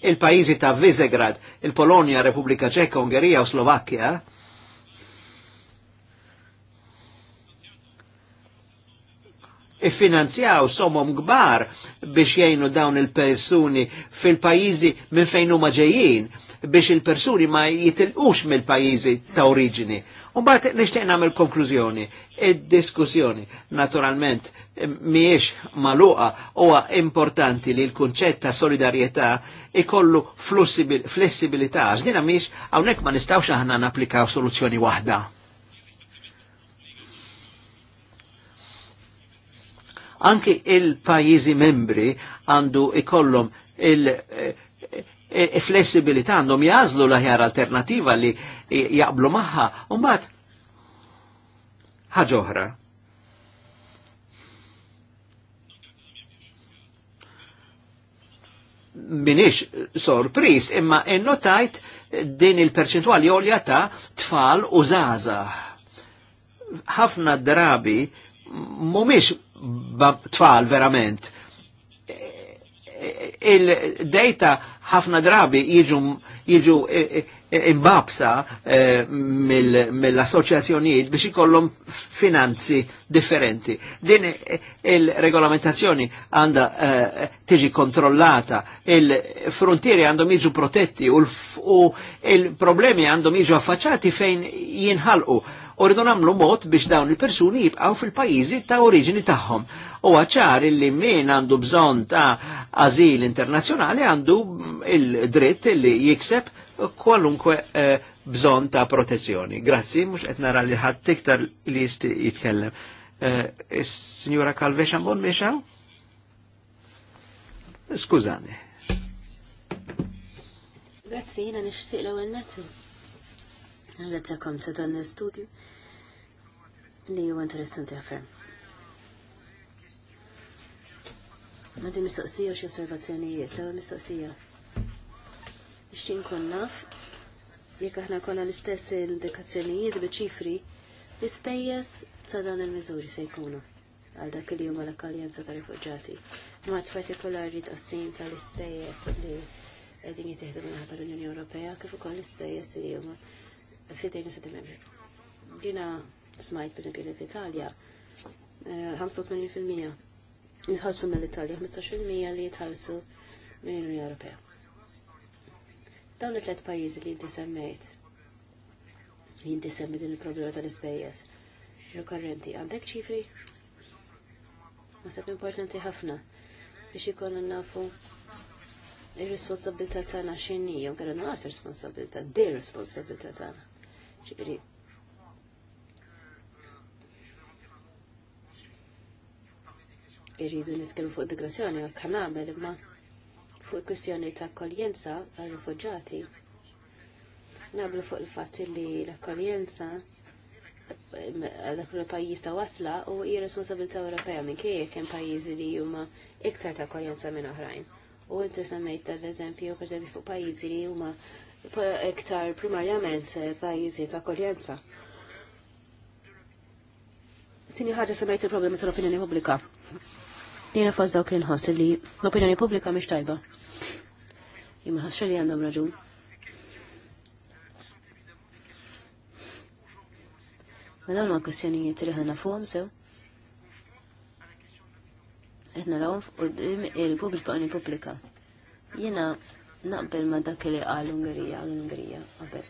il-pajizi ta' Visegrad, il-Polonia, Repubblika Ċeka, Ungerija u Slovakkja, iffinanzjaw somom gbar biex jgħinu dawn il-persuni fil-pajizi minn fejn huma ġejjin biex il-persuni ma jitilqux mill-pajizi ta' oriġini. Umbat nishtiq nagħmel konklużjoni. Id-diskussjoni naturalment miex maluqa huwa importanti li l-kunċett ta' solidarjetà ikollu flessibilità. Għazdina miex, għawnek ma nistawx aħna napplikaw soluzzjoni wahda. Anki il-pajizi membri għandu ikollhom il-flessibilità eh, eh, għandhom jazlu laħjar alternativa li jaqblu maħħa, un bat oħra. minix sorpris, imma innotajt din il-perċentuali olja ta' tfal u zaza. ħafna drabi mumiex tfal verament. E, e, e, il dejta ħafna drabi jiġu, jiġu imbabsa eh, mill-assoċjazzjonijiet biex ikollhom finanzi differenti. Din il-regolamentazzjoni għandha eh, tiġi kontrollata, il-frontieri għandhom jiġu protetti u il-problemi għandhom jiġu affaċċati fejn jinħalqu. U rridu nagħmlu mod biex dawn il-persuni jibqgħu fil-pajjiżi ta' oriġini tagħhom. U għacċar illi min għandu bżon ta' azil internazjonali għandu il-dritt li jikseb kwalunkwe eh, bżon ta' protezzjoni. Grazzi, mux etna nara li ħadd tiktar li jisti jitkellem. Eh, Signora Calve Xambon meċa? Skużani. Grazzi, jina nixtieq l-ewwel netti. kom sa' dan l studio li ju interessanti ħafna. Għandi mistaqsija u xi osservazzjonijiet, l-ewwel mistaqsija xin naf, jek aħna konna l-istess indikazzjonijiet b'ċifri, l-ispejjes ta' dan il-mizuri se jkunu għal dak li huma l-akkaljenza ta' rifugġati. Mat partikolari ta' tal-ispejjeż li qegħdin jittieħdu minn tal-Unjoni Ewropea kif ukoll l-ispejjeż li huma fidejn s stati Jiena smajt pereżempju li fl-Italja 85% nitħallsu mill-Italja, 15% li jitħallsu mill-Unjoni Ewropea. Dawn it-tlet pajjiżi li inti semmejt. Li inti semmi din il-problema tal-ispejjeż. Rikorrenti, għandek ċifri? Ma Nasab importanti ħafna biex ikon nafu il-responsabilità tagħna x'in hija jew kellha naqas responsabilità, de responsabilità tagħna. Ġifieri irridu nitkellmu fuq digressjoni għal kanamel imma fuq il kwistjoni ta' kolienza għal rifugġati nablu fuq il fat li l-akkoljenza għal eh, pajjiż ta' wasla u hija responsabilità Ewropea minn kif hemm pajjiżi li huma iktar ta' akkoljenza minn oħrajn. U inti semmejt l eżempju pereżempju fuq pajjiżi li huma iktar primarjament eh, pajjiżi ta' akkoljenza. Tini ħaġa semmejt il-problemi tal-opinjoni pubblika. Jiena fost dawk li nħoss li l-opinjoni pubblika mhix tajba. Imma ħasra li għandhom raġun. Ma dawn ma' kwestjonijiet li ħana fuqhom sew. Qed narawhom qudiem il-pubblika pubblika. Jiena naqbel ma' dak li qal Ungerija l-Ungerija qabel.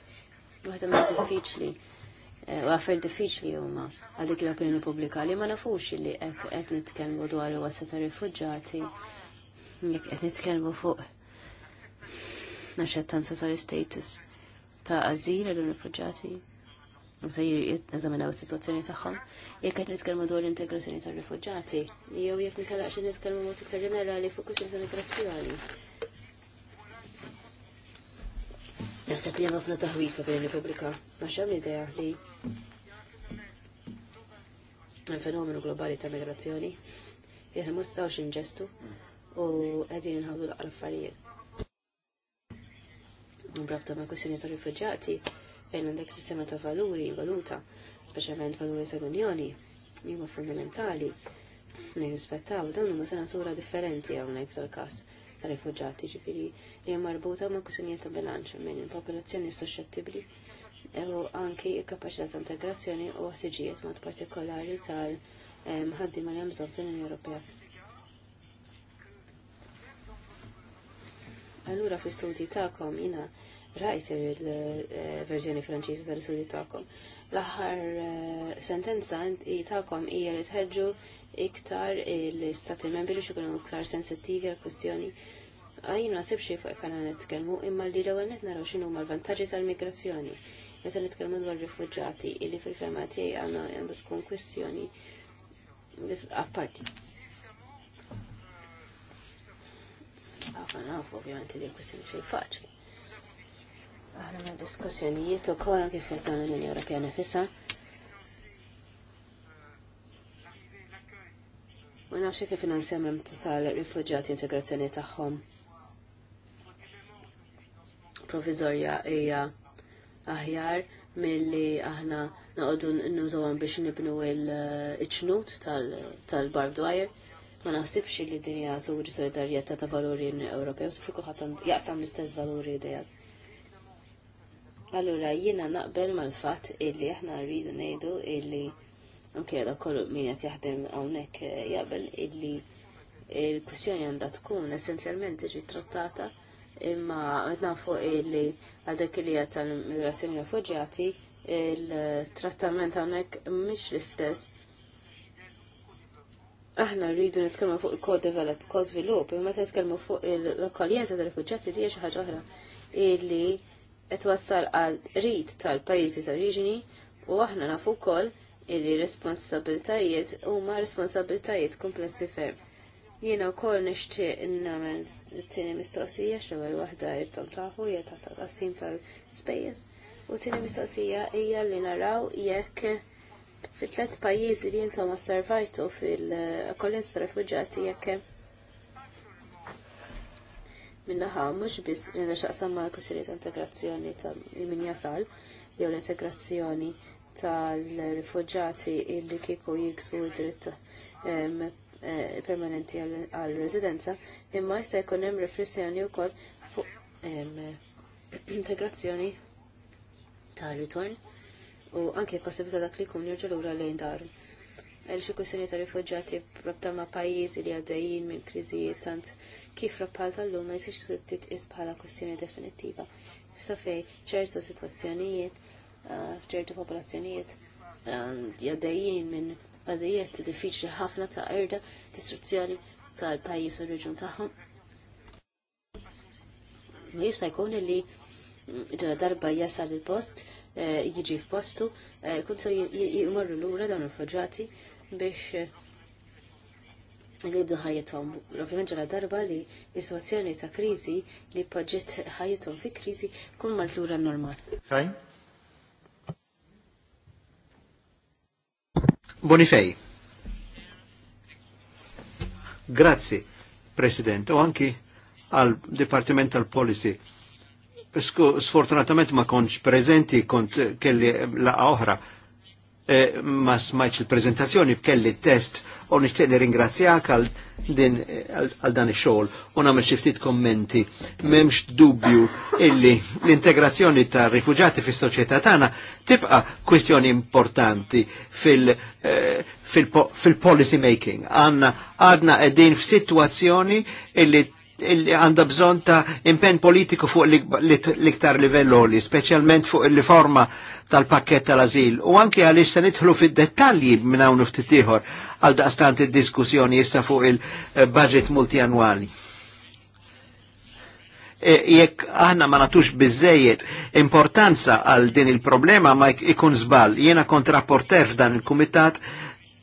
Waħda ma' diffiċli għaffer eh, diffiċli huma għal dik l-opinjoni pubblika li ma nafux li qed nitkellmu dwar il-wassa ta' rifuġġati jekk qed nitkellmu fuq naxxettanza tal-status ta' azil għal-rifuġati u nazamina is situazzjoni taħħom jek għet nitkellmu dwar l-integrazzjoni tar-rifuġġati, jew jekk nikalax nitkellmu mod iktar ġenerali fuq kwistjoni ta' migrazzjoni. Naħseb li hemm ħafna taħwifa bejn Repubblika, ma xemm idea li hemm fenomenu globali ta' migrazzjoni, jekk mhux nistgħux inġestu u qegħdin inħawdu l-affarijiet brabta ma' kwestjoni ta' rifugġati fejn għandek sistema ta' valuri, valuta, speċjalment valuri tal-Unjoni, huma fundamentali nirrispettaw, rispettaw dawn huma sura differenti hawnhekk tal-każ ta' rifugġati ġifiri li hija marbuta ma' kussinijiet ta' bilanċ minn il-popolazzjoni suscettibbli e u anki il-kapacità ta' integrazzjoni u ħtiġijiet mod partikolari tal-ħaddiema eh, li hemm fl-Unjoni Ewropea Allura fi studji ta'kom jina rajt il-verżjoni franċiża tal-studji ta'kom. L-aħħar eh, sentenza ta'kom hija li tħeġġu iktar l-istati membri biex ikunu iktar sensittivi għal kwistjoni għajna ah, nasib xie fuq ekkan nitkellmu imma li l-ewwel qed naraw ma l-vantaġġi tal-migrazzjoni. Meta nitkellmu dwar rifuġġati illi fil fermati tiegħi għandu tkun kustjoni apparti. Għafna nafu, ovvijament, li kwestjoni xej faċli. Aħna ma' diskussjonijiet u kolla kif jittan l-Unjoni Ewropea nifissa. Ma nafxie kif nansemmem tasal rifugġati integrazzjoni taħħom. Provizorja ija aħjar mill milli aħna n-nużawan biex nibnu il-ċnut tal-barbed wire ma naħsibx li din hija turi solidarjetà ta' valuri Ewropew, sifri ħadd jaqsam l-istess valuri dejjem. Allura jiena naqbel mal-fatt illi aħna rridu ngħidu illi anke da kollu min qed jaħdem hawnhekk eh, jaqbel illi il-kwistjoni għandha tkun essenzjalment tiġi trattata imma nafu illi għal dak li tal-migrazzjoni rifuġjati il-trattament hawnhekk mhix l-istess aħna rridu nitkellmu fuq il-co-develop, co-svilup, imma ta' nitkellmu fuq il-koljenza tal rifuġġati di xi ħaġa oħra illi qed wassal għal rid tal-pajjiżi ta' oriġini u aħna nafu wkoll illi responsabiltajiet huma responsabiltajiet komplessi ferm. Jiena wkoll nixtieq nagħmel tieni mistoqsija x'ewwel waħda jittom taħu hija taħt taqsim tal-spejjeż u tieni mistoqsija hija li naraw jekk fi tlet pajjiżi li intom osservajtu fil-kollins ta' refugġati jekk minnaħa mhux biss li xaqsam mal kusiri integrazzjoni ta' min jasal jew l-integrazzjoni tal-rifugġati illi kieku jiksu id-dritt eh, permanenti għal residenza imma jista' jkun hemm riflessjoni wkoll fuq integrazzjoni ta' ritorn u anke possibilità dak li jkun jirġu lura lejn dar. Għal xi kwistjoni ta' rifuġġati rabta ma' pajjiżi li għaddejjin minn kriżijiet tant kif rappal tal-lum ma jistax titqis bħala kwistjoni definittiva. F'sa fej ċertu sitwazzjonijiet eh, f'ċertu popolazzjonijiet eh, għaddejjin minn bażijiet diffiċli ħafna ta' erda distruzzjoni tal-pajjiż u reġun tagħhom. Ma jista' jkun li mm, ġara darba jasal il-post Eh, jiġi f'postu, eh, kuntu jimorru l-ura dawn il fagġati biex eh, li jibdu ħajjetom. Ovvijament ġala darba li situazzjoni ta' krizi li poġġiet ħajetom fi krizi kun mal l-ura normal. Fejn? Bonifej. Grazie, President, o anki al Departiment Policy sfortunatament ma konċ prezenti, kont kelli la oħra. E, ma smajċ il-prezentazzjoni b'kelli test u nixtieq li ringrazzjak għal din għal dan ix-xogħol u nagħmel xi ftit kommenti. M'hemmx dubju illi l-integrazzjoni tar rifuġati fis-soċjetà tagħna tibqa' kwistjoni importanti fil- eh, fil-policy making. Għandna għadna qegħdin f'sitwazzjoni illi għanda bżon ta' impen politiku fuq l-iktar livelloli, specialment fuq il-riforma tal-pakket tal-azil. U anke għalix se nidħlu fid-dettalji minn hawn ftit ieħor għal daqstant id-diskussjoni issa fuq il-budget multianwali. E, jekk aħna ma natux bizzejiet importanza għal din il-problema ma ikun zbal. Jena kontraporter f'dan il-kumitat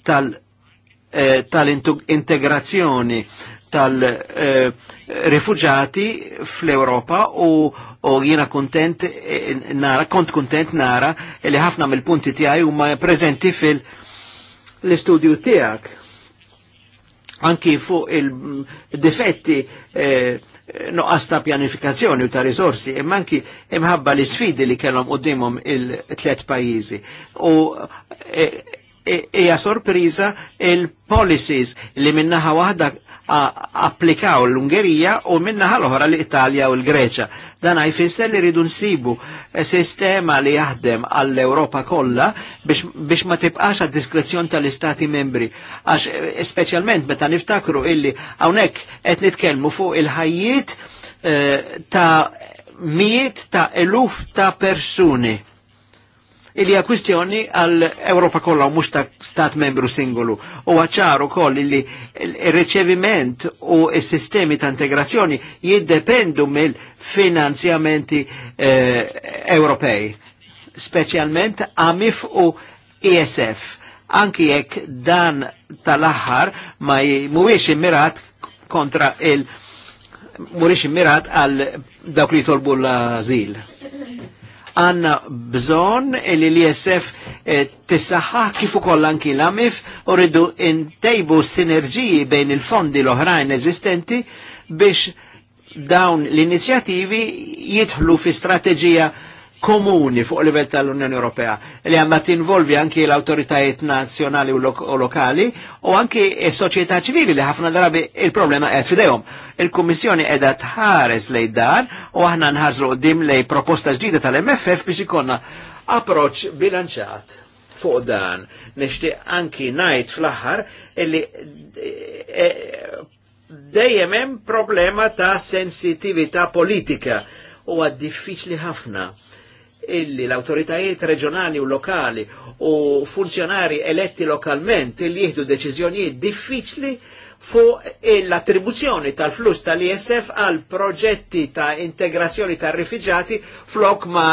tal- eh, tal-integrazzjoni tal-refugġati eh, fl-Europa u, u jiena kontent eh, nara, kont kontent nara li ħafna mill-punti tiegħi huma preżenti fil-istudju tiegħek. Anki fuq il-difetti eh, ta' pjanifikazzjoni u ta' risorsi, imma anki imħabba l sfidi li kellhom qudiemhom il-tlet pajjiżi. U eh, hija sorpriża il-policies li minnaħa waħda applikaw l-Ungerija u minnaħa l-oħra l-Italja u l-Greċa. Dan jfisser li ridu nsibu eh, sistema li jaħdem għall-Europa kollha biex ma tibqax għad diskrezzjon tal-Istati membri. Għax eh, specialment meta niftakru illi hawnhekk qed nitkellmu fuq il-ħajjiet eh, ta' mijiet ta' eluf ta' persuni E il hija kwistjoni għal Ewropa kollha u mhux ta' stat membru singolu. U ċaru koll li il riċeviment u s-sistemi ta' integrazzjoni jiddependu mill-finanzjamenti eh, Ewropej, speċjalment AMIF u ISF. E Anki jekk dan tal-aħħar ma mhuwiex immirat kontra il- mhuwiex immirat għal dawk li jitolbu l-azil għanna bżon li l-ISF eh, tissaħħa kif ukoll anki l-AMIF u rridu intejbu sinerġiji bejn il-fondi l-oħrajn eżistenti biex dawn l-inizjativi jidħlu fi strateġija komuni fuq livell tal-Unjoni Ewropea li għandha tinvolvi anki l-autoritajiet nazzjonali u lokali u anki s-soċjetà ċivili li ħafna drabi il-problema qed fidejhom. Il-Kummissjoni qiegħda tħares lej dar u aħna nħarsu qudiem lej proposta ġdida tal-MFF biex ikonna approċċ bilanċat fuq dan. Nixtieq anki ngħid fl-aħħar illi eh, dejjem hemm problema ta' sensitività politika huwa diffiċli ħafna illi l-autoritajiet reġjonali u lokali u funzjonari eletti lokalment illi jihdu deċiżjonijiet diffiċli fuq l-attribuzzjoni tal-flus tal-ISF għal proġetti ta' integrazzjoni ta' rifiġati flok ma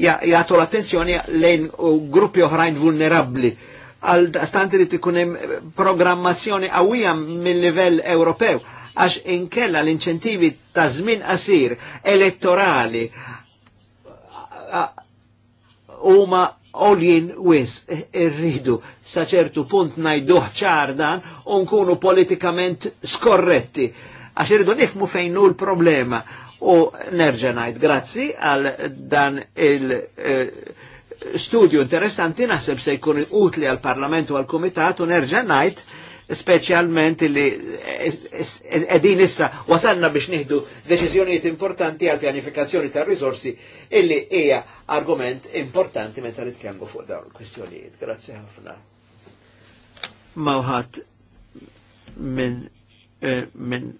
jgħatu l-attenzjoni lejn gruppi oħrajn vulnerabli għal stanti li tikunem programmazzjoni għawija mill-livell Ewropew għax inkella l-inċentivi ta' żmien qasir elettorali huma olin wis irridu ċertu punt najduħ ċar dan u nkunu politikament skorretti għax irridu nifmu fejn l-problema u nerġa' ngħid grazzi għal dan il- eh, studju interessanti naħseb se jkun utli għal Parlamentu għal Komitatu nerġa' ngħid specialment li edin issa wasanna biex nieħdu deċiżjonijiet importanti għal pjanifikazzjoni tal risorsi illi hija argument importanti meta nitkellmu fuq dawn il-kwistjonijiet. Grazzi ħafna. Mawħat minn eh, minn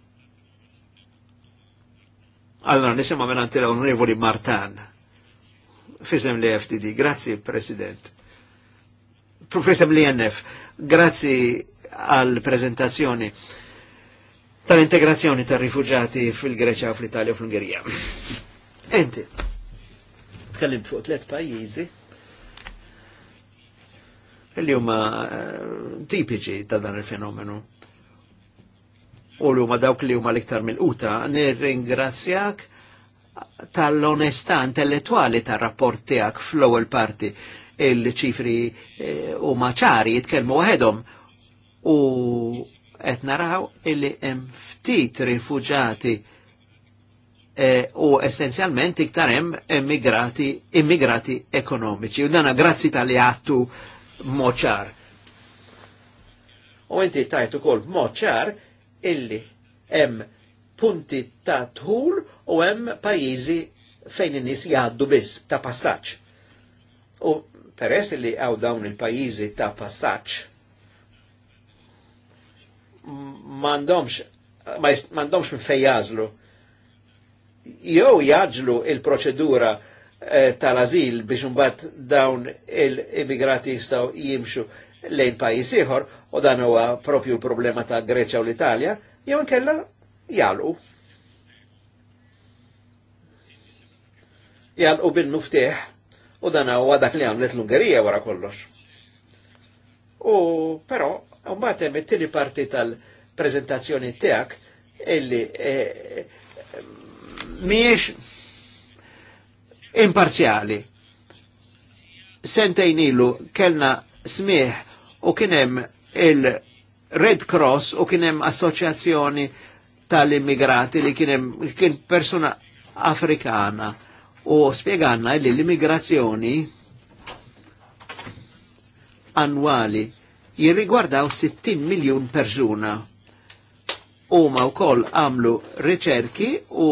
Allora, nisema minn għantila onorevoli Martan, fisem li FTD, grazie President. Professor LNF, grazie għal-prezentazzjoni tal-integrazzjoni tal rifugġati fil-Greċja u fl-Italja u fl-Ungerija. Enti, tkellimt fuq tlet pajjiżi li huma eh, tipiċi ta' dan il-fenomenu. U li huma dawk li huma l-iktar mill-quta, nirringrazzjak tal-onestà intellettuali tar-rapport tiegħek fl-ewwel parti il-ċifri eh, huma ċari jitkellmu waħedhom u qed naraw illi hemm ftit rifuġati e, u essenzjalment iktar hemm immigrati, immigrati ekonomiċi. U dana grazzi tal-li għattu moċar. U inti tajtu ukoll moċar illi hemm punti ta' tħul u hemm pajjiżi fejn in-nies jgħaddu biss ta' passaġġ. U peress li għaw dawn il-pajjiżi ta' passaġġ mandomx ma mandomx minn fej jazlu. Jew jaġlu il-proċedura eh, tal-azil biex mbagħad dawn il-immigrati jistgħu jimxu lejn pajjiż ieħor u dan huwa propju problema ta' Greċja u l-Italja, jew inkella jalqu. Jalqu bin nuftieħ u dan huwa dak li għamlet l-Ungerija wara kollox. U però Umbat batem it-tieni parti tal prezentazzjoni tiegħek illi e, miex imparziali. Sentejn ilu kellna smieħ u kienem il-Red Cross u kienem assoċjazzjoni tal-immigrati li kienem kien persuna afrikana u spieganna li l-immigrazzjoni annwali jirrigwardaw 60 miljun persuna. Huma wkoll għamlu riċerki u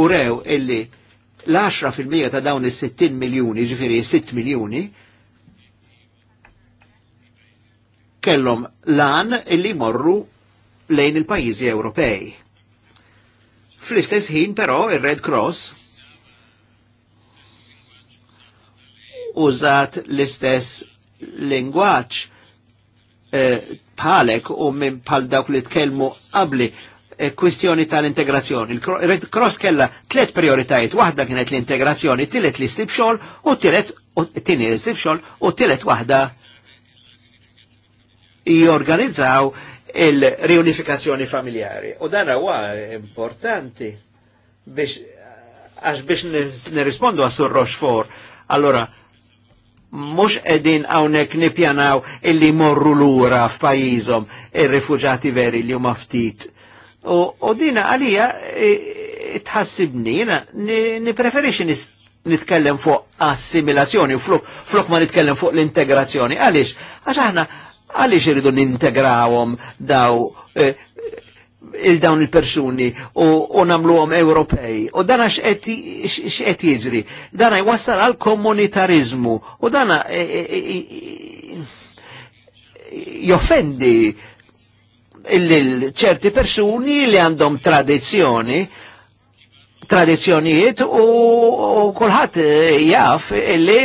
urew illi l-10% ta' dawn is-60 miljuni, ġifieri 6 miljuni, kellhom lan illi morru lejn il-pajjiżi Ewropej. Fl-istess ħin però ir-Red Cross użat l-istess lingwaġġ bħalek u minn pal dawk li tkellmu qabli eh, kwistjoni tal-integrazzjoni. Il-cross kella tlet prioritajiet, waħda kienet l-integrazzjoni, tilet li stib xol u tilet tini li stib xol u tilet waħda jorganizzaw il reunifikazzjoni familjari. U dan huwa importanti biex għax biex nirrispondu għas Rochefort. Allora, mux edin għawnek nipjanaw illi morru l-ura f'pajizom il-rifugġati veri li huma ftit. U dina għalija e, e, tħassibni, jina nipreferixi nitkellem fuq assimilazzjoni u flok ma nitkellem fuq l-integrazzjoni. Għalix, għax aħna għalix irridu nintegrawom daw eh, il-dawn il-persuni u għom Ewropej. U dana x'qed jiġri. Dana jwassal għal komunitarizmu u dana joffendi ċerti persuni li għandhom tradizzjoni tradizjonijiet u, u kulħadd jaf illi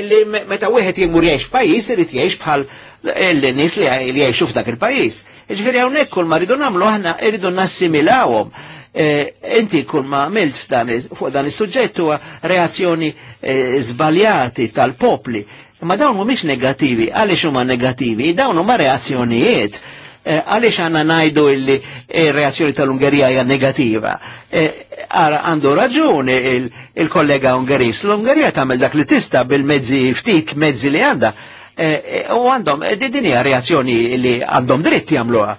illi meta wieħed jimur jgħix pajjiż irid jgħix bħal l-nis li jgħixu f'dak il-pajis. Ġifiri hawnhekk kull ma rridu nagħmlu aħna rridu nassimilawhom. E, inti kull ma għamilt fuq dan is-suġġett huwa reazzjoni żbaljati e, tal-popli. Ma dawn mhumiex negattivi, għaliex huma negativi, dawn huma reazzjonijiet e, għalix għanna najdu illi reazzjoni tal-Ungerija hija negativa. Għandu raġuni il-kollega Ungeris. L-Ungerija tamel dak li tista bil-mezzi ftit, mezzi li għanda. Eh, eh, u għandhom, eh, dinija reazzjoni li għandhom dritt jagħmluha.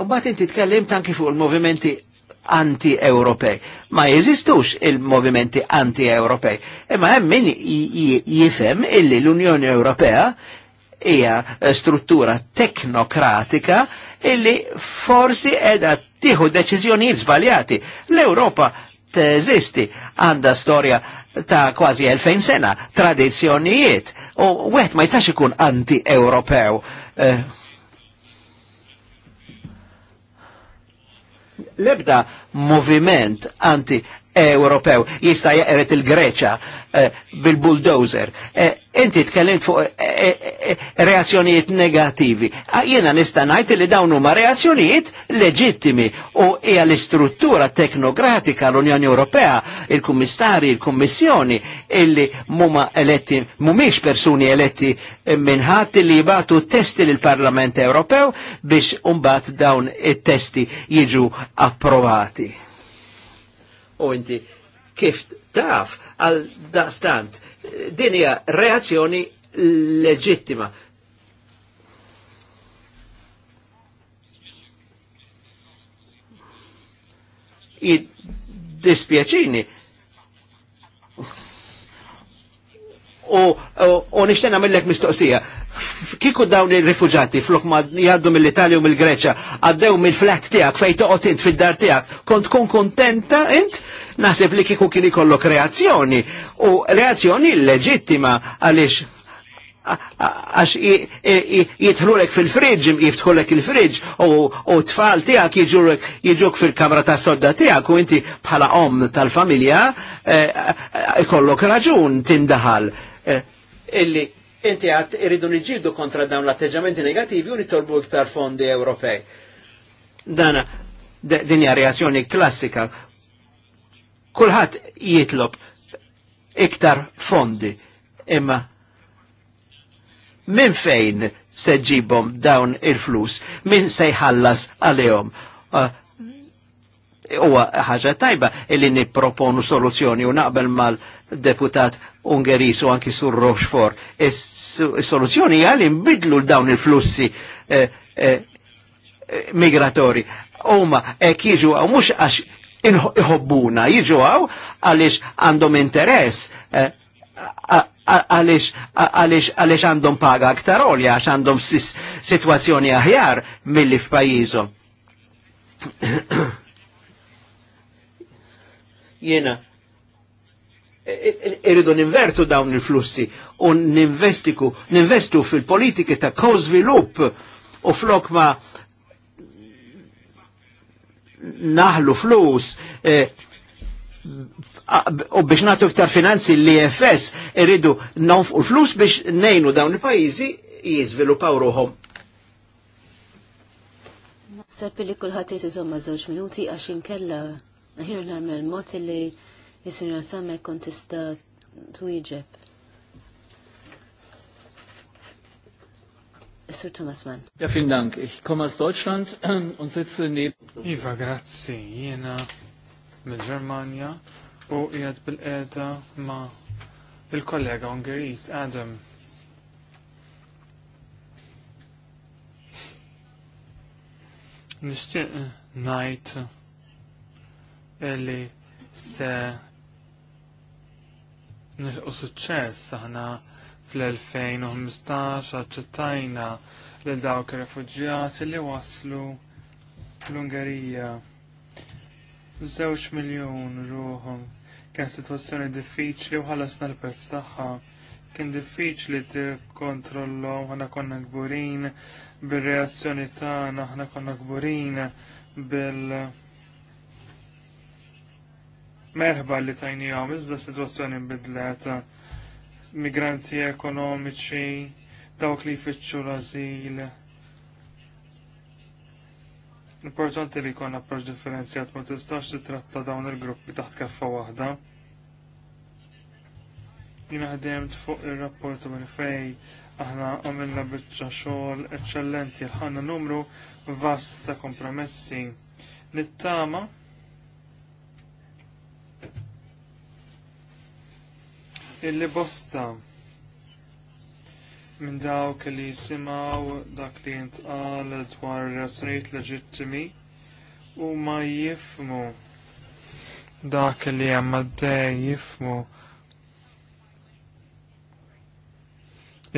U mbagħad inti tkellim tanki fuq il-movimenti anti europej Ma jeżistux il-movimenti anti europej Imma hemm min jifem illi l-Unjoni Ewropea hija struttura teknokratika illi forsi edha tiħu deċiżjonijiet żbaljati. L-Ewropa teżisti għandha storja ta' kważi 2000 sena, tradizzjonijiet, u wieħed ma jistax ikun anti-Ewropew. Eh, lebda moviment anti Ewropew jista' jeqret il-Greċa eh, bil-bulldozer. Eh, inti tkellimt fuq eh, reazzjonijiet negativi. Ah, jiena nista' ngħid li dawn huma reazzjonijiet leġittimi u hija l-istruttura teknokratika l-Unjoni Ewropea, il-Kummissari, il-Kummissjoni illi mhuma eletti mhumiex persuni eletti minħat li jibatu testi lill-Parlament Ewropew biex umbat dawn it-testi jiġu approvati u inti kif taf għal daqstant din hija reazzjoni leġittima. I dispjaċini u, u, u mistoqsija. Kiku dawn il rifugjati flok ma jgħaddu mill-Italja u mill-Greċa, għaddew mill-flat tijak, fej toqot int fil-dar tijak, kont kun kontenta int? Naħseb li kiku kien ikollok reazzjoni, u reazzjoni leġittima għalix għax jitħlulek fil-fridġ, jiftħulek il-fridġ u tfal tijak jiġuk fil-kamra ta' sodda tijak u inti bħala om tal-familja eh, ikollok raġun tindaħal. Eh, illi Inti għat irridu nġibdu kontra dawn l-atteġġamenti negativi u nitolbu iktar fondi Ewropej. Dana, hija reazzjoni klassika. Kulħadd jitlob iktar fondi, imma minn fejn se ġibom dawn il-flus, minn se jħallas għalihom. Uh, huwa ħaġa tajba illi nipproponu soluzzjoni u naqbel mal-deputat Ungeris u anki sur Rochefort. Is-soluzzjoni e e hija li nbidlu dawn il-flussi e, migratori. Huma hekk jiġu għaw mhux għax iħobbuna, jiġu għaw għaliex għandhom interess għalix għandhom paga aktar olja, għax għandhom situazzjoni aħjar mill-li f'pajizom. Jena, irridu ninvertu dawn il-flussi u ninvestiku, ninvestu fil-politiki ta' kozvilup u flok ma naħlu flus e, u biex natu iktar finanzi l-IFS irridu u flus biex nejnu dawn il-pajizi jizvilupaw ruħom. Naħseb li kullħat jizizom ma' minuti għax inkella ħiru namel mot li Jisunjon samme kontista tu iġeb. Sur Thomas Mann. Ja, vielen Dank. Ich komme aus Deutschland und sitze neben... Iva, grazie. Jena mit germania u jad bil eda ma il-kollega Ungeris, Adam. Nishtiq najt illi se nilqu suċċess aħna fl-2015 aċċettajna lil dawk ir-refuġjati li waslu l-Ungerija. Żewġ miljun ruhom kien sitwazzjoni diffiċli u ħallasna l-prezz tagħha. Kien diffiċli tikkontrollhom aħna konna kburin bir-reazzjoni tagħna aħna konna kburin bil- merħba li għom, iżda situazzjoni bidlet, migranti ekonomiċi, dawk li jfittxu l-azil. Importanti li kon approċ differenzjat ma tistax titratta dawn il-gruppi taħt kaffa waħda. Jina ħdemt fuq il-rapport minn fej aħna għamilna bieċa xogħol eċċellenti l-ħanna numru vast ta' kompromessi. Nittama illi bosta minn dawk li jisimaw dak li jintqal dwar razzjonijiet leġittimi u ma jifmu dak li għamaddej jifmu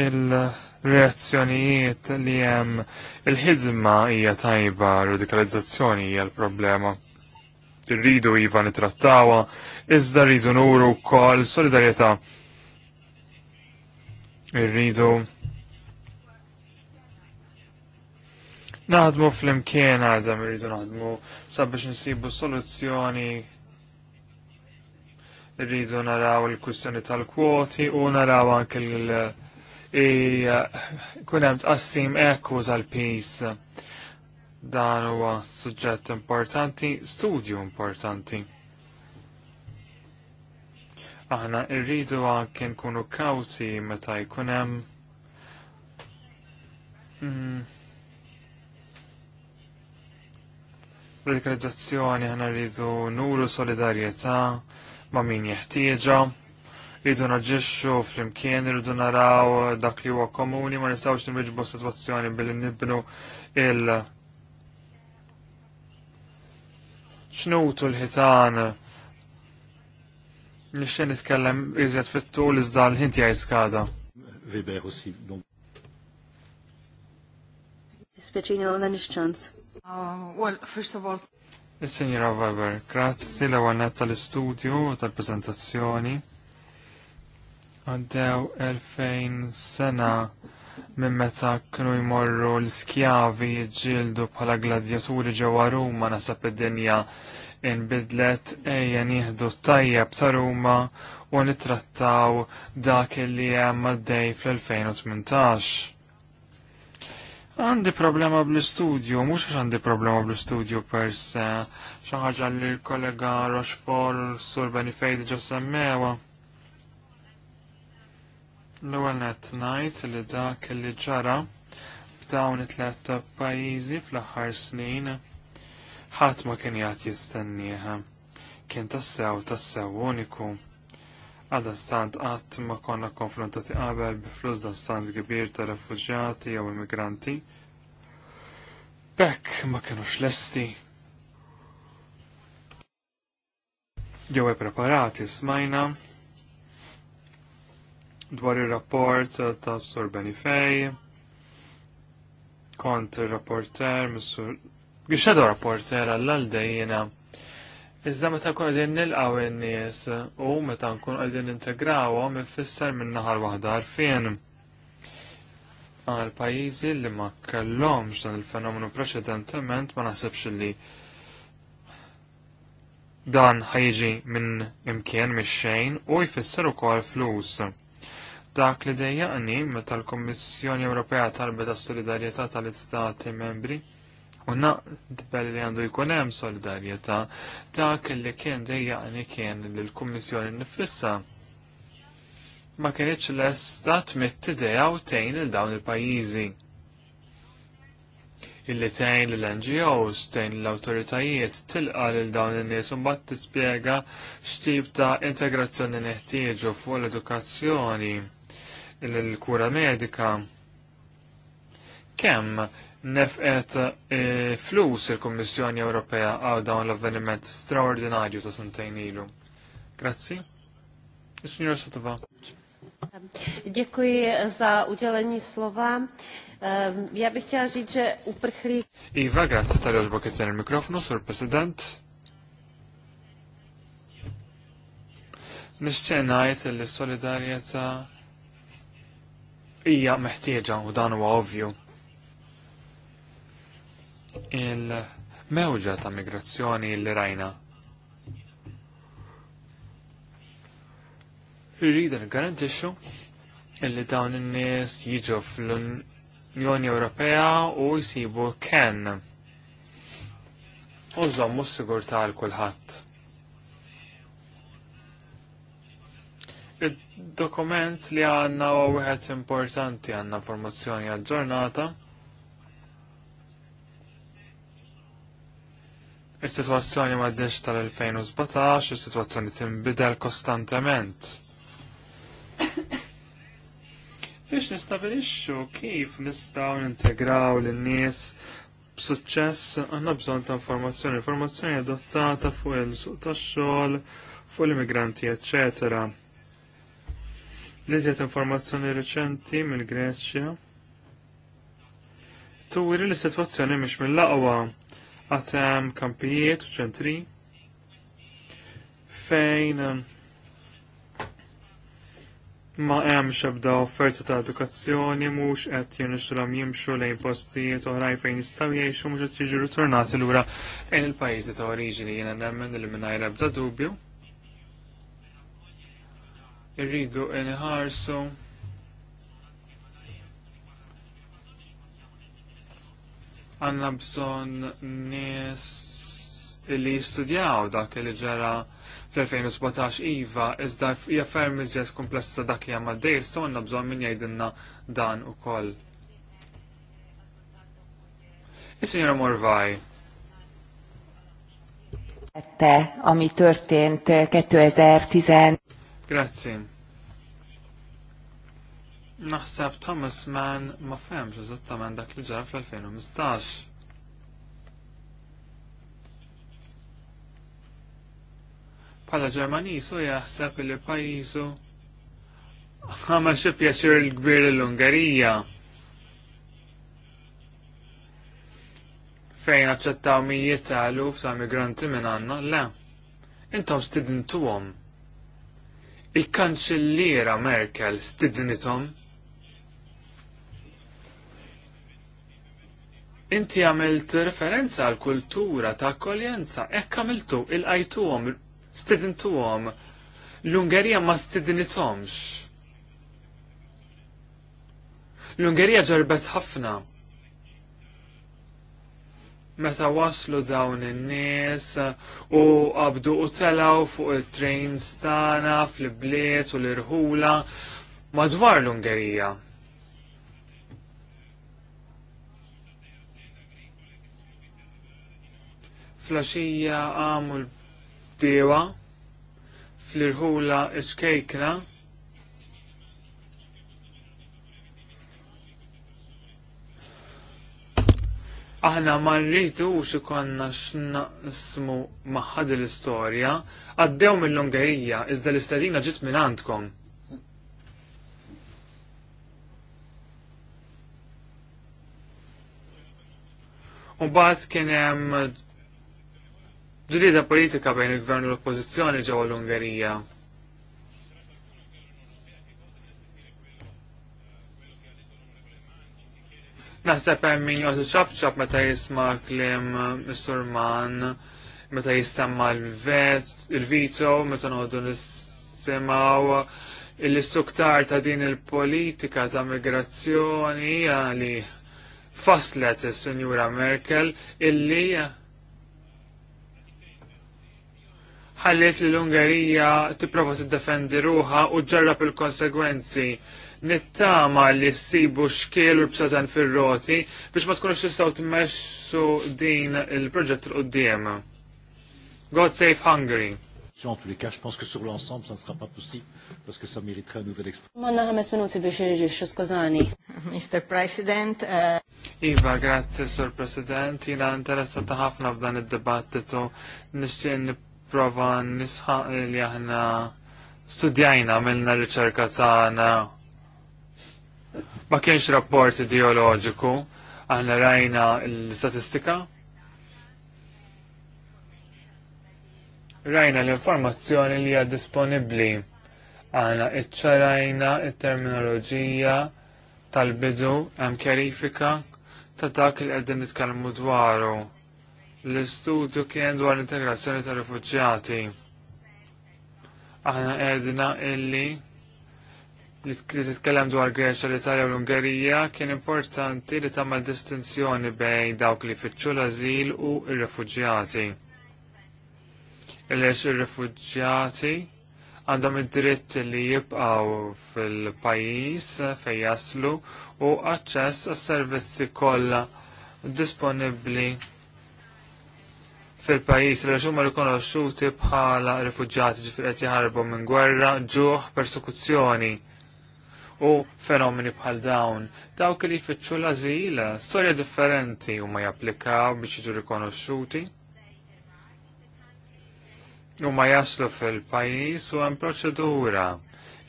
il-reazzjonijiet li jem il-ħidma hija tajba radikalizzazzjoni hija l-problema. Irridu iva nitrattawa, iżda rridu nuru wkoll solidarjetà. Irridu naħdmu fl-imkien għadam rridu naħdmu sabiex nsibu soluzzjoni rridu naraw il-kustjoni tal-kwoti u naraw anke il- kunem tqassim ekku tal-pis. Dan huwa suġġett importanti, studju importanti. Aħna rridu għak nkunu kawti meta jkun hemm mm, radikalizzazzjoni ħana rridu nuru solidarjetà ma' min jeħtieġa, rridu fl flimkien, rridu naraw dak li huwa komuni, ma nistgħux nirriġbu sitwazzjoni billi nibnu il ċnutu l-ħitan Nixxen nitkellem iżjed fit-tul iżda l-ħinti għaj skada. Weber aussi, donc. għu għan iċċans. Well, first of all. Il-Sinjora Weber, grazzi l għanet tal-istudju tal-prezentazzjoni. Għaddew 2000 sena minn meta kienu jmorru l-skjavi ġildu bħala gladjaturi ġewwa Ruma nasab id-dinja inbidlet ejjen nieħdu t-tajjeb ta' Ruma u nittrattaw dak li hemm għaddej fl-2018. Għandi problema bl-istudju, mux għax għandi problema bl-istudju per se, xaħġa li l-kollega Rochefort sur Benifejdi ġa semmewa. L-ewwel net ngħid li dak li ġara b'dawn it-tlet pajjiżi fl-aħħar snin ħadd ma kien jgħat jistennieha. Kien tassew tassew uniku. Għada stant qatt ma konna konfrontati qabel bi flus da stant kbir ta' refuġjati jew immigranti. Bekk ma kienux lesti. Jew preparati smajna dwar il-rapport ta' Sur Benifej, kont il-rapporter Sur biex rapport rapporter għall-għaldejjena. Iżda meta kun għadin nilqaw in-nies u meta nkun għadin integrawhom ifisser minn naħar waħda għarfien. Għal pajjiżi li ma kellhomx dan il-fenomenu preċedentement ma nasibx li dan ħajġi minn imkien mix-xejn u jfisser ukoll flus. Dak li dejjaqni meta l-Kommissjoni Ewropea tal tas-Solidarjetà tal-Istati Membri U naqbel li għandu jkun hemm solidarjetà dak li kien dejjaqni kien l-Kummissjoni nifissa ma kienieċ l-estat mit u tejn il-dawn il-pajjiżi illi tejn l-NGOs, tgħin l-awtoritajiet, tilqa lil dawn in-nies bat t tispjega x'tip ta' integrazzjoni neħtieġu fuq l-edukazzjoni, il-kura medika. Kemm nefqet eh, flus il-Kommissjoni Ewropea għaw dawn l-avveniment straordinarju ta' sentejn ilu. Grazzi. Signor Sotova. Dziękuję za udzielenie słowa. Ehm, ja bych chciała żyć, że uprchli... Iwa, grazie, Tadeusz Bokiecen, mikrofonu, sur prezydent. Nixtieq ngħid li s-solidarjetà hija meħtieġa u dan huwa ovvju il-mewġa ta' migrazzjoni li rajna. Irrida garantixxu illi dawn in-nies jiġu fl-Unjoni Ewropea u jsibu ken. U mus s-sigurtà għal kulħadd. Il-dokument li għanna u għed importanti għanna formazzjoni għal-ġurnata Is-sitwazzjoni m'għaddix tal-2017, is-sitwazzjoni tinbidel kostantement. Biex nistabilixxu kif nistgħu nintegraw lin-nies b'suċċess għandna bżonn ta' informazzjoni, informazzjoni adottata fuq il-suq tax-xogħol, fuq l-immigranti, eċċetera. Nizjet informazzjoni reċenti mill-Greċja. Turi li s-sitwazzjoni mhix mill-aqwa għatem kampijiet u ċentri fejn um, ma hemm xebda offerta ta' edukazzjoni mhux qed jirnexxilhom jimxu lejn postijiet oħrajn fejn jistgħu jgħixu mhux qed jiġu ritornati lura lejn il-pajjiżi ta' oriġini jiena nemmen li mingħajr ebda dubju irridu inħarsu għanna bżon nis li jistudjaw dak li ġara fl-2017 Iva, iżda jaffer mizjas komplessa dak li għamma d-dejr, so għanna bżon minn jajdinna dan u koll. Is-Sinjora Morvaj. Tette, ami történt 2010. Eh, Grazie. Naħseb Thomas Mann ma fehmx eżattament dak li ġara fl-2015. Pala Ġermanisu jaħseb li pajisu għamel xi pjaċir l-kbir l-Ungerija. Fejn aċċettaw mijiet ta' eluf ta' migranti minn għandna, le. Intom stidintuhom. il kanċilliera Merkel stidnitom. Inti għamilt referenza għal kultura ta' kolienza, ekk għamiltu il-għajtuhom, stedintuhom, l-Ungerija ma stedinitomx. L-Ungerija ġarbet ħafna. Meta waslu dawn in-nies u għabdu u telaw fuq it-trains tana, fl-bliet u l-irħula madwar l-Ungerija. flasija għamu l-bdewa fl-irħula Aħna ma rritu u xikonna x'naqsmu maħad l-istorja, għaddew mill-Ungerija, iżda l-istadina ġit minn għandkom. U bazz kien hemm ġlieda politika bejn il-gvern u l-oppożizzjoni ġewwa l-Ungerija. Naħseb hemm min joqgħod ċabċab meta jisma' kliem Misturman, meta jissemma l-vito, meta noqogħdu nisimgħu l-istruktar ta' din il-politika ta' migrazzjoni li faslet is-Sinjura Merkel illi ħallet li l-Ungerija tipprova tiddefendi ruha u ġarrab il-konsegwenzi. Nittama li ssibu xkiel u bsatan fir-roti biex ma tkunux t tmexxu din il-proġett il qudiem God Save Hungary. En tous les cas, je pense que sur l'ensemble, ça ne sera pas possible parce que ça mériterait un nouvel exploit. minuti biex irġixxu skużani. Mr. President. Uh, iva, grazie, Sur President. Jina interessata ħafna f'dan id-dibattitu. Nixtieq nipprova nisħaq li aħna studjajna minna riċerka tagħna. Ma kienx rapport ideoloġiku, aħna rajna l-statistika. Rajna l-informazzjoni li hija disponibbli. Aħna iċċarajna it-terminoloġija tal-bidu hemm kjarifika ta' dak li qegħdin nitkellmu dwaru L-istudju kien dwar l-integrazzjoni ta' rifuġġjati. Aħna qegħdina illi li tkellem dwar Greċa l-Italja u l-Ungerija kien importanti li tagħmel distinzjoni bejn dawk li fitxu l-ażil u r-refuġjati. Illex ir-refuġjati għandhom id-dritt li jibqgħu fil-pajjiż fejn jaslu u aċċess għas-servizzi kollha disponibbli fil-pajis li huma rikonoxxuti bħala rifugġati ġifiret jħarbu minn gwerra, ġuħ, persekuzzjoni u fenomeni bħal dawn. Dawk li jfittxu l-azil, storja differenti huma japplikaw biex jiġu rikonoxxuti. Huma jaslu fil-pajis u hemm proċedura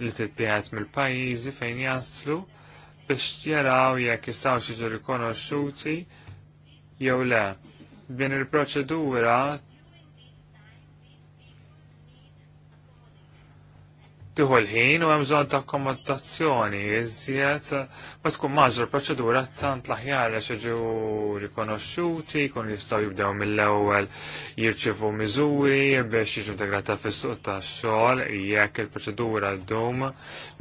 li tittieħed mill-pajjiżi fejn jaslu biex jaraw jekk jistgħu jiġu rikonoxxuti jew le din il-proċedura tiħu l-ħin u hemm ta' akkomodazzjoni iżjed ma tkun maġġor proċedura tant l-aħjar għax iġu rikonoxxuti, jkun jistgħu jibdew mill-ewwel jirċivu miżuri biex jiġu integrata fis-suq tax-xogħol jekk il-proċedura ddum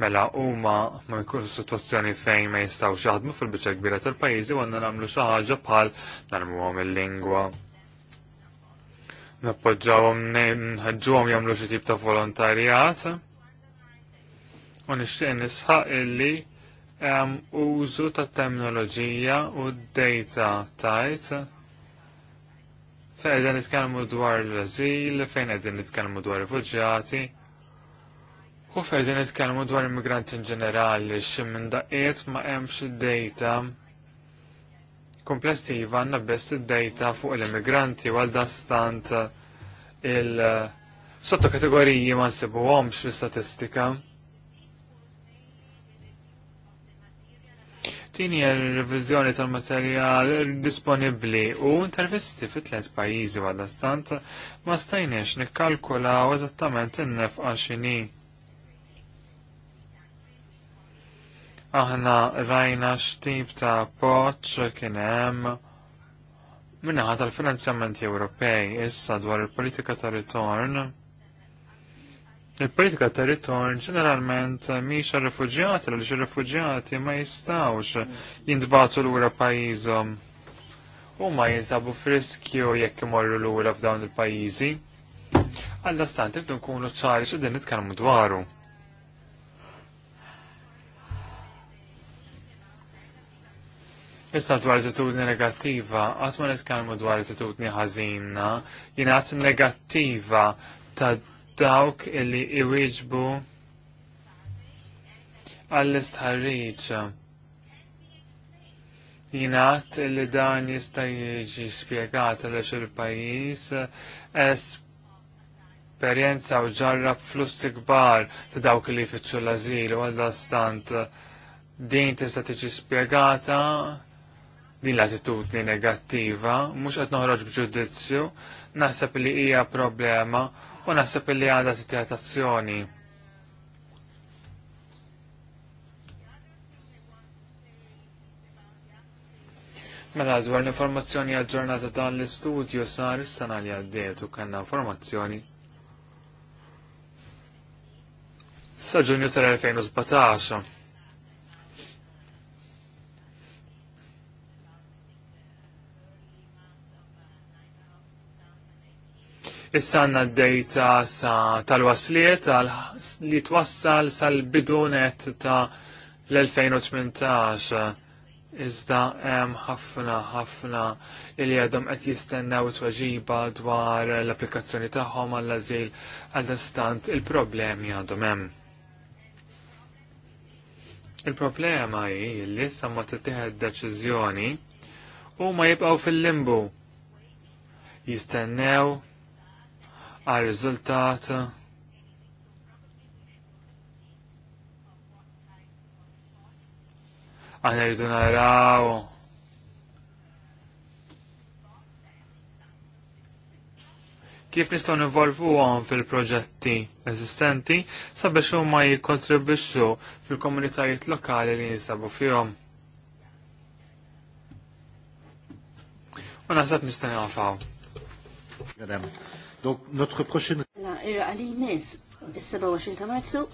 mela huma ma jkunx sitwazzjoni fejn ma jistaw xaħdmu fil-biċċa kbira tal-pajjiżi u għandna nagħmlu xi ħaġa bħal nagħmluhom il-lingwa nappoġġawhom nħeġġuhom jagħmlu xi tip ta' volontarjat u nixtieq nisħaq illi hemm użu ta' terminoloġija u d-data tajt fejn qegħdin nitkellmu dwar l-ażil, fejn qegħdin nitkellmu dwar rifuġjati u fejn qegħdin nitkellmu dwar immigranti in ġenerali xi minn daqiet ma hemmx data komplessiva għandna best id-data fuq l-immigranti għal dastant il- sottokategoriji ma nsibuhomx fl-istatistika. Tini revizjoni tal-materjal disponibli u intervisti fit tlet pajizi għadda stant ma stajniex nikkalkula eżattament innef għaxini. Aħna rajna xtib ta' poċ kienem minnaħat tal-finanzjamenti Ewropej issa dwar il-politika ta' ritorn. Il-politika ta' ritorn ġeneralment miex għal-refugjati, għal refugġjati għal il refugjati ma jistawx jindbatu l-ura pajizom u ma jinsabu friskju jekk imorru l-ura f'dawn il-pajizi. Għalla stant irdu nkunu ċari xe din nitkellmu dwaru. Issa dwar attitudni negattiva, għatma nitkellmu dwar attitudni ħażina, jingħad negattiva ta' dawk illi iwieġbu għall-istħarriċ. Jinaħt illi dan jista' jiġi spiegat għaliex il-pajjiż esperjenza u ġarrab flussi kbar ta' dawk li jfittxu l-azil u għal stant din tista' tiġi spjegata din l-attitudni negattiva, mhux qed noħroġ b'ġudizzju, naħseb li hija problema u naħseb li għadha titjatazzjoni. Mela dwar l-informazzjoni għal-ġurnata dan l-istudju sar is-sena li għaddiet u kellna informazzjoni sa' ġunju tal-2017. Issa għanna d-dejta tal-wasliet li twassal sal-bidunet ta' l-2018. Iżda hemm ħafna ħafna li għadhom qed jistennew tweġiba dwar l-applikazzjoni tagħhom għall-ażil għal-istant il-problemi għadhom hemm. Il-problema hi li issa ma tittieħed deċiżjoni huma jibqgħu fil-limbu. Jistennew għal riżultat għana rridu naraw kif nistgħu nivolvuhom fil-proġetti eżistenti sabiex huma jikkontribwixxu fil-komunitajiet lokali li jinsabu fihom. U naħseb nista' nifaw. Donc notre prochaine... La era ali mes 27 ta' marzu,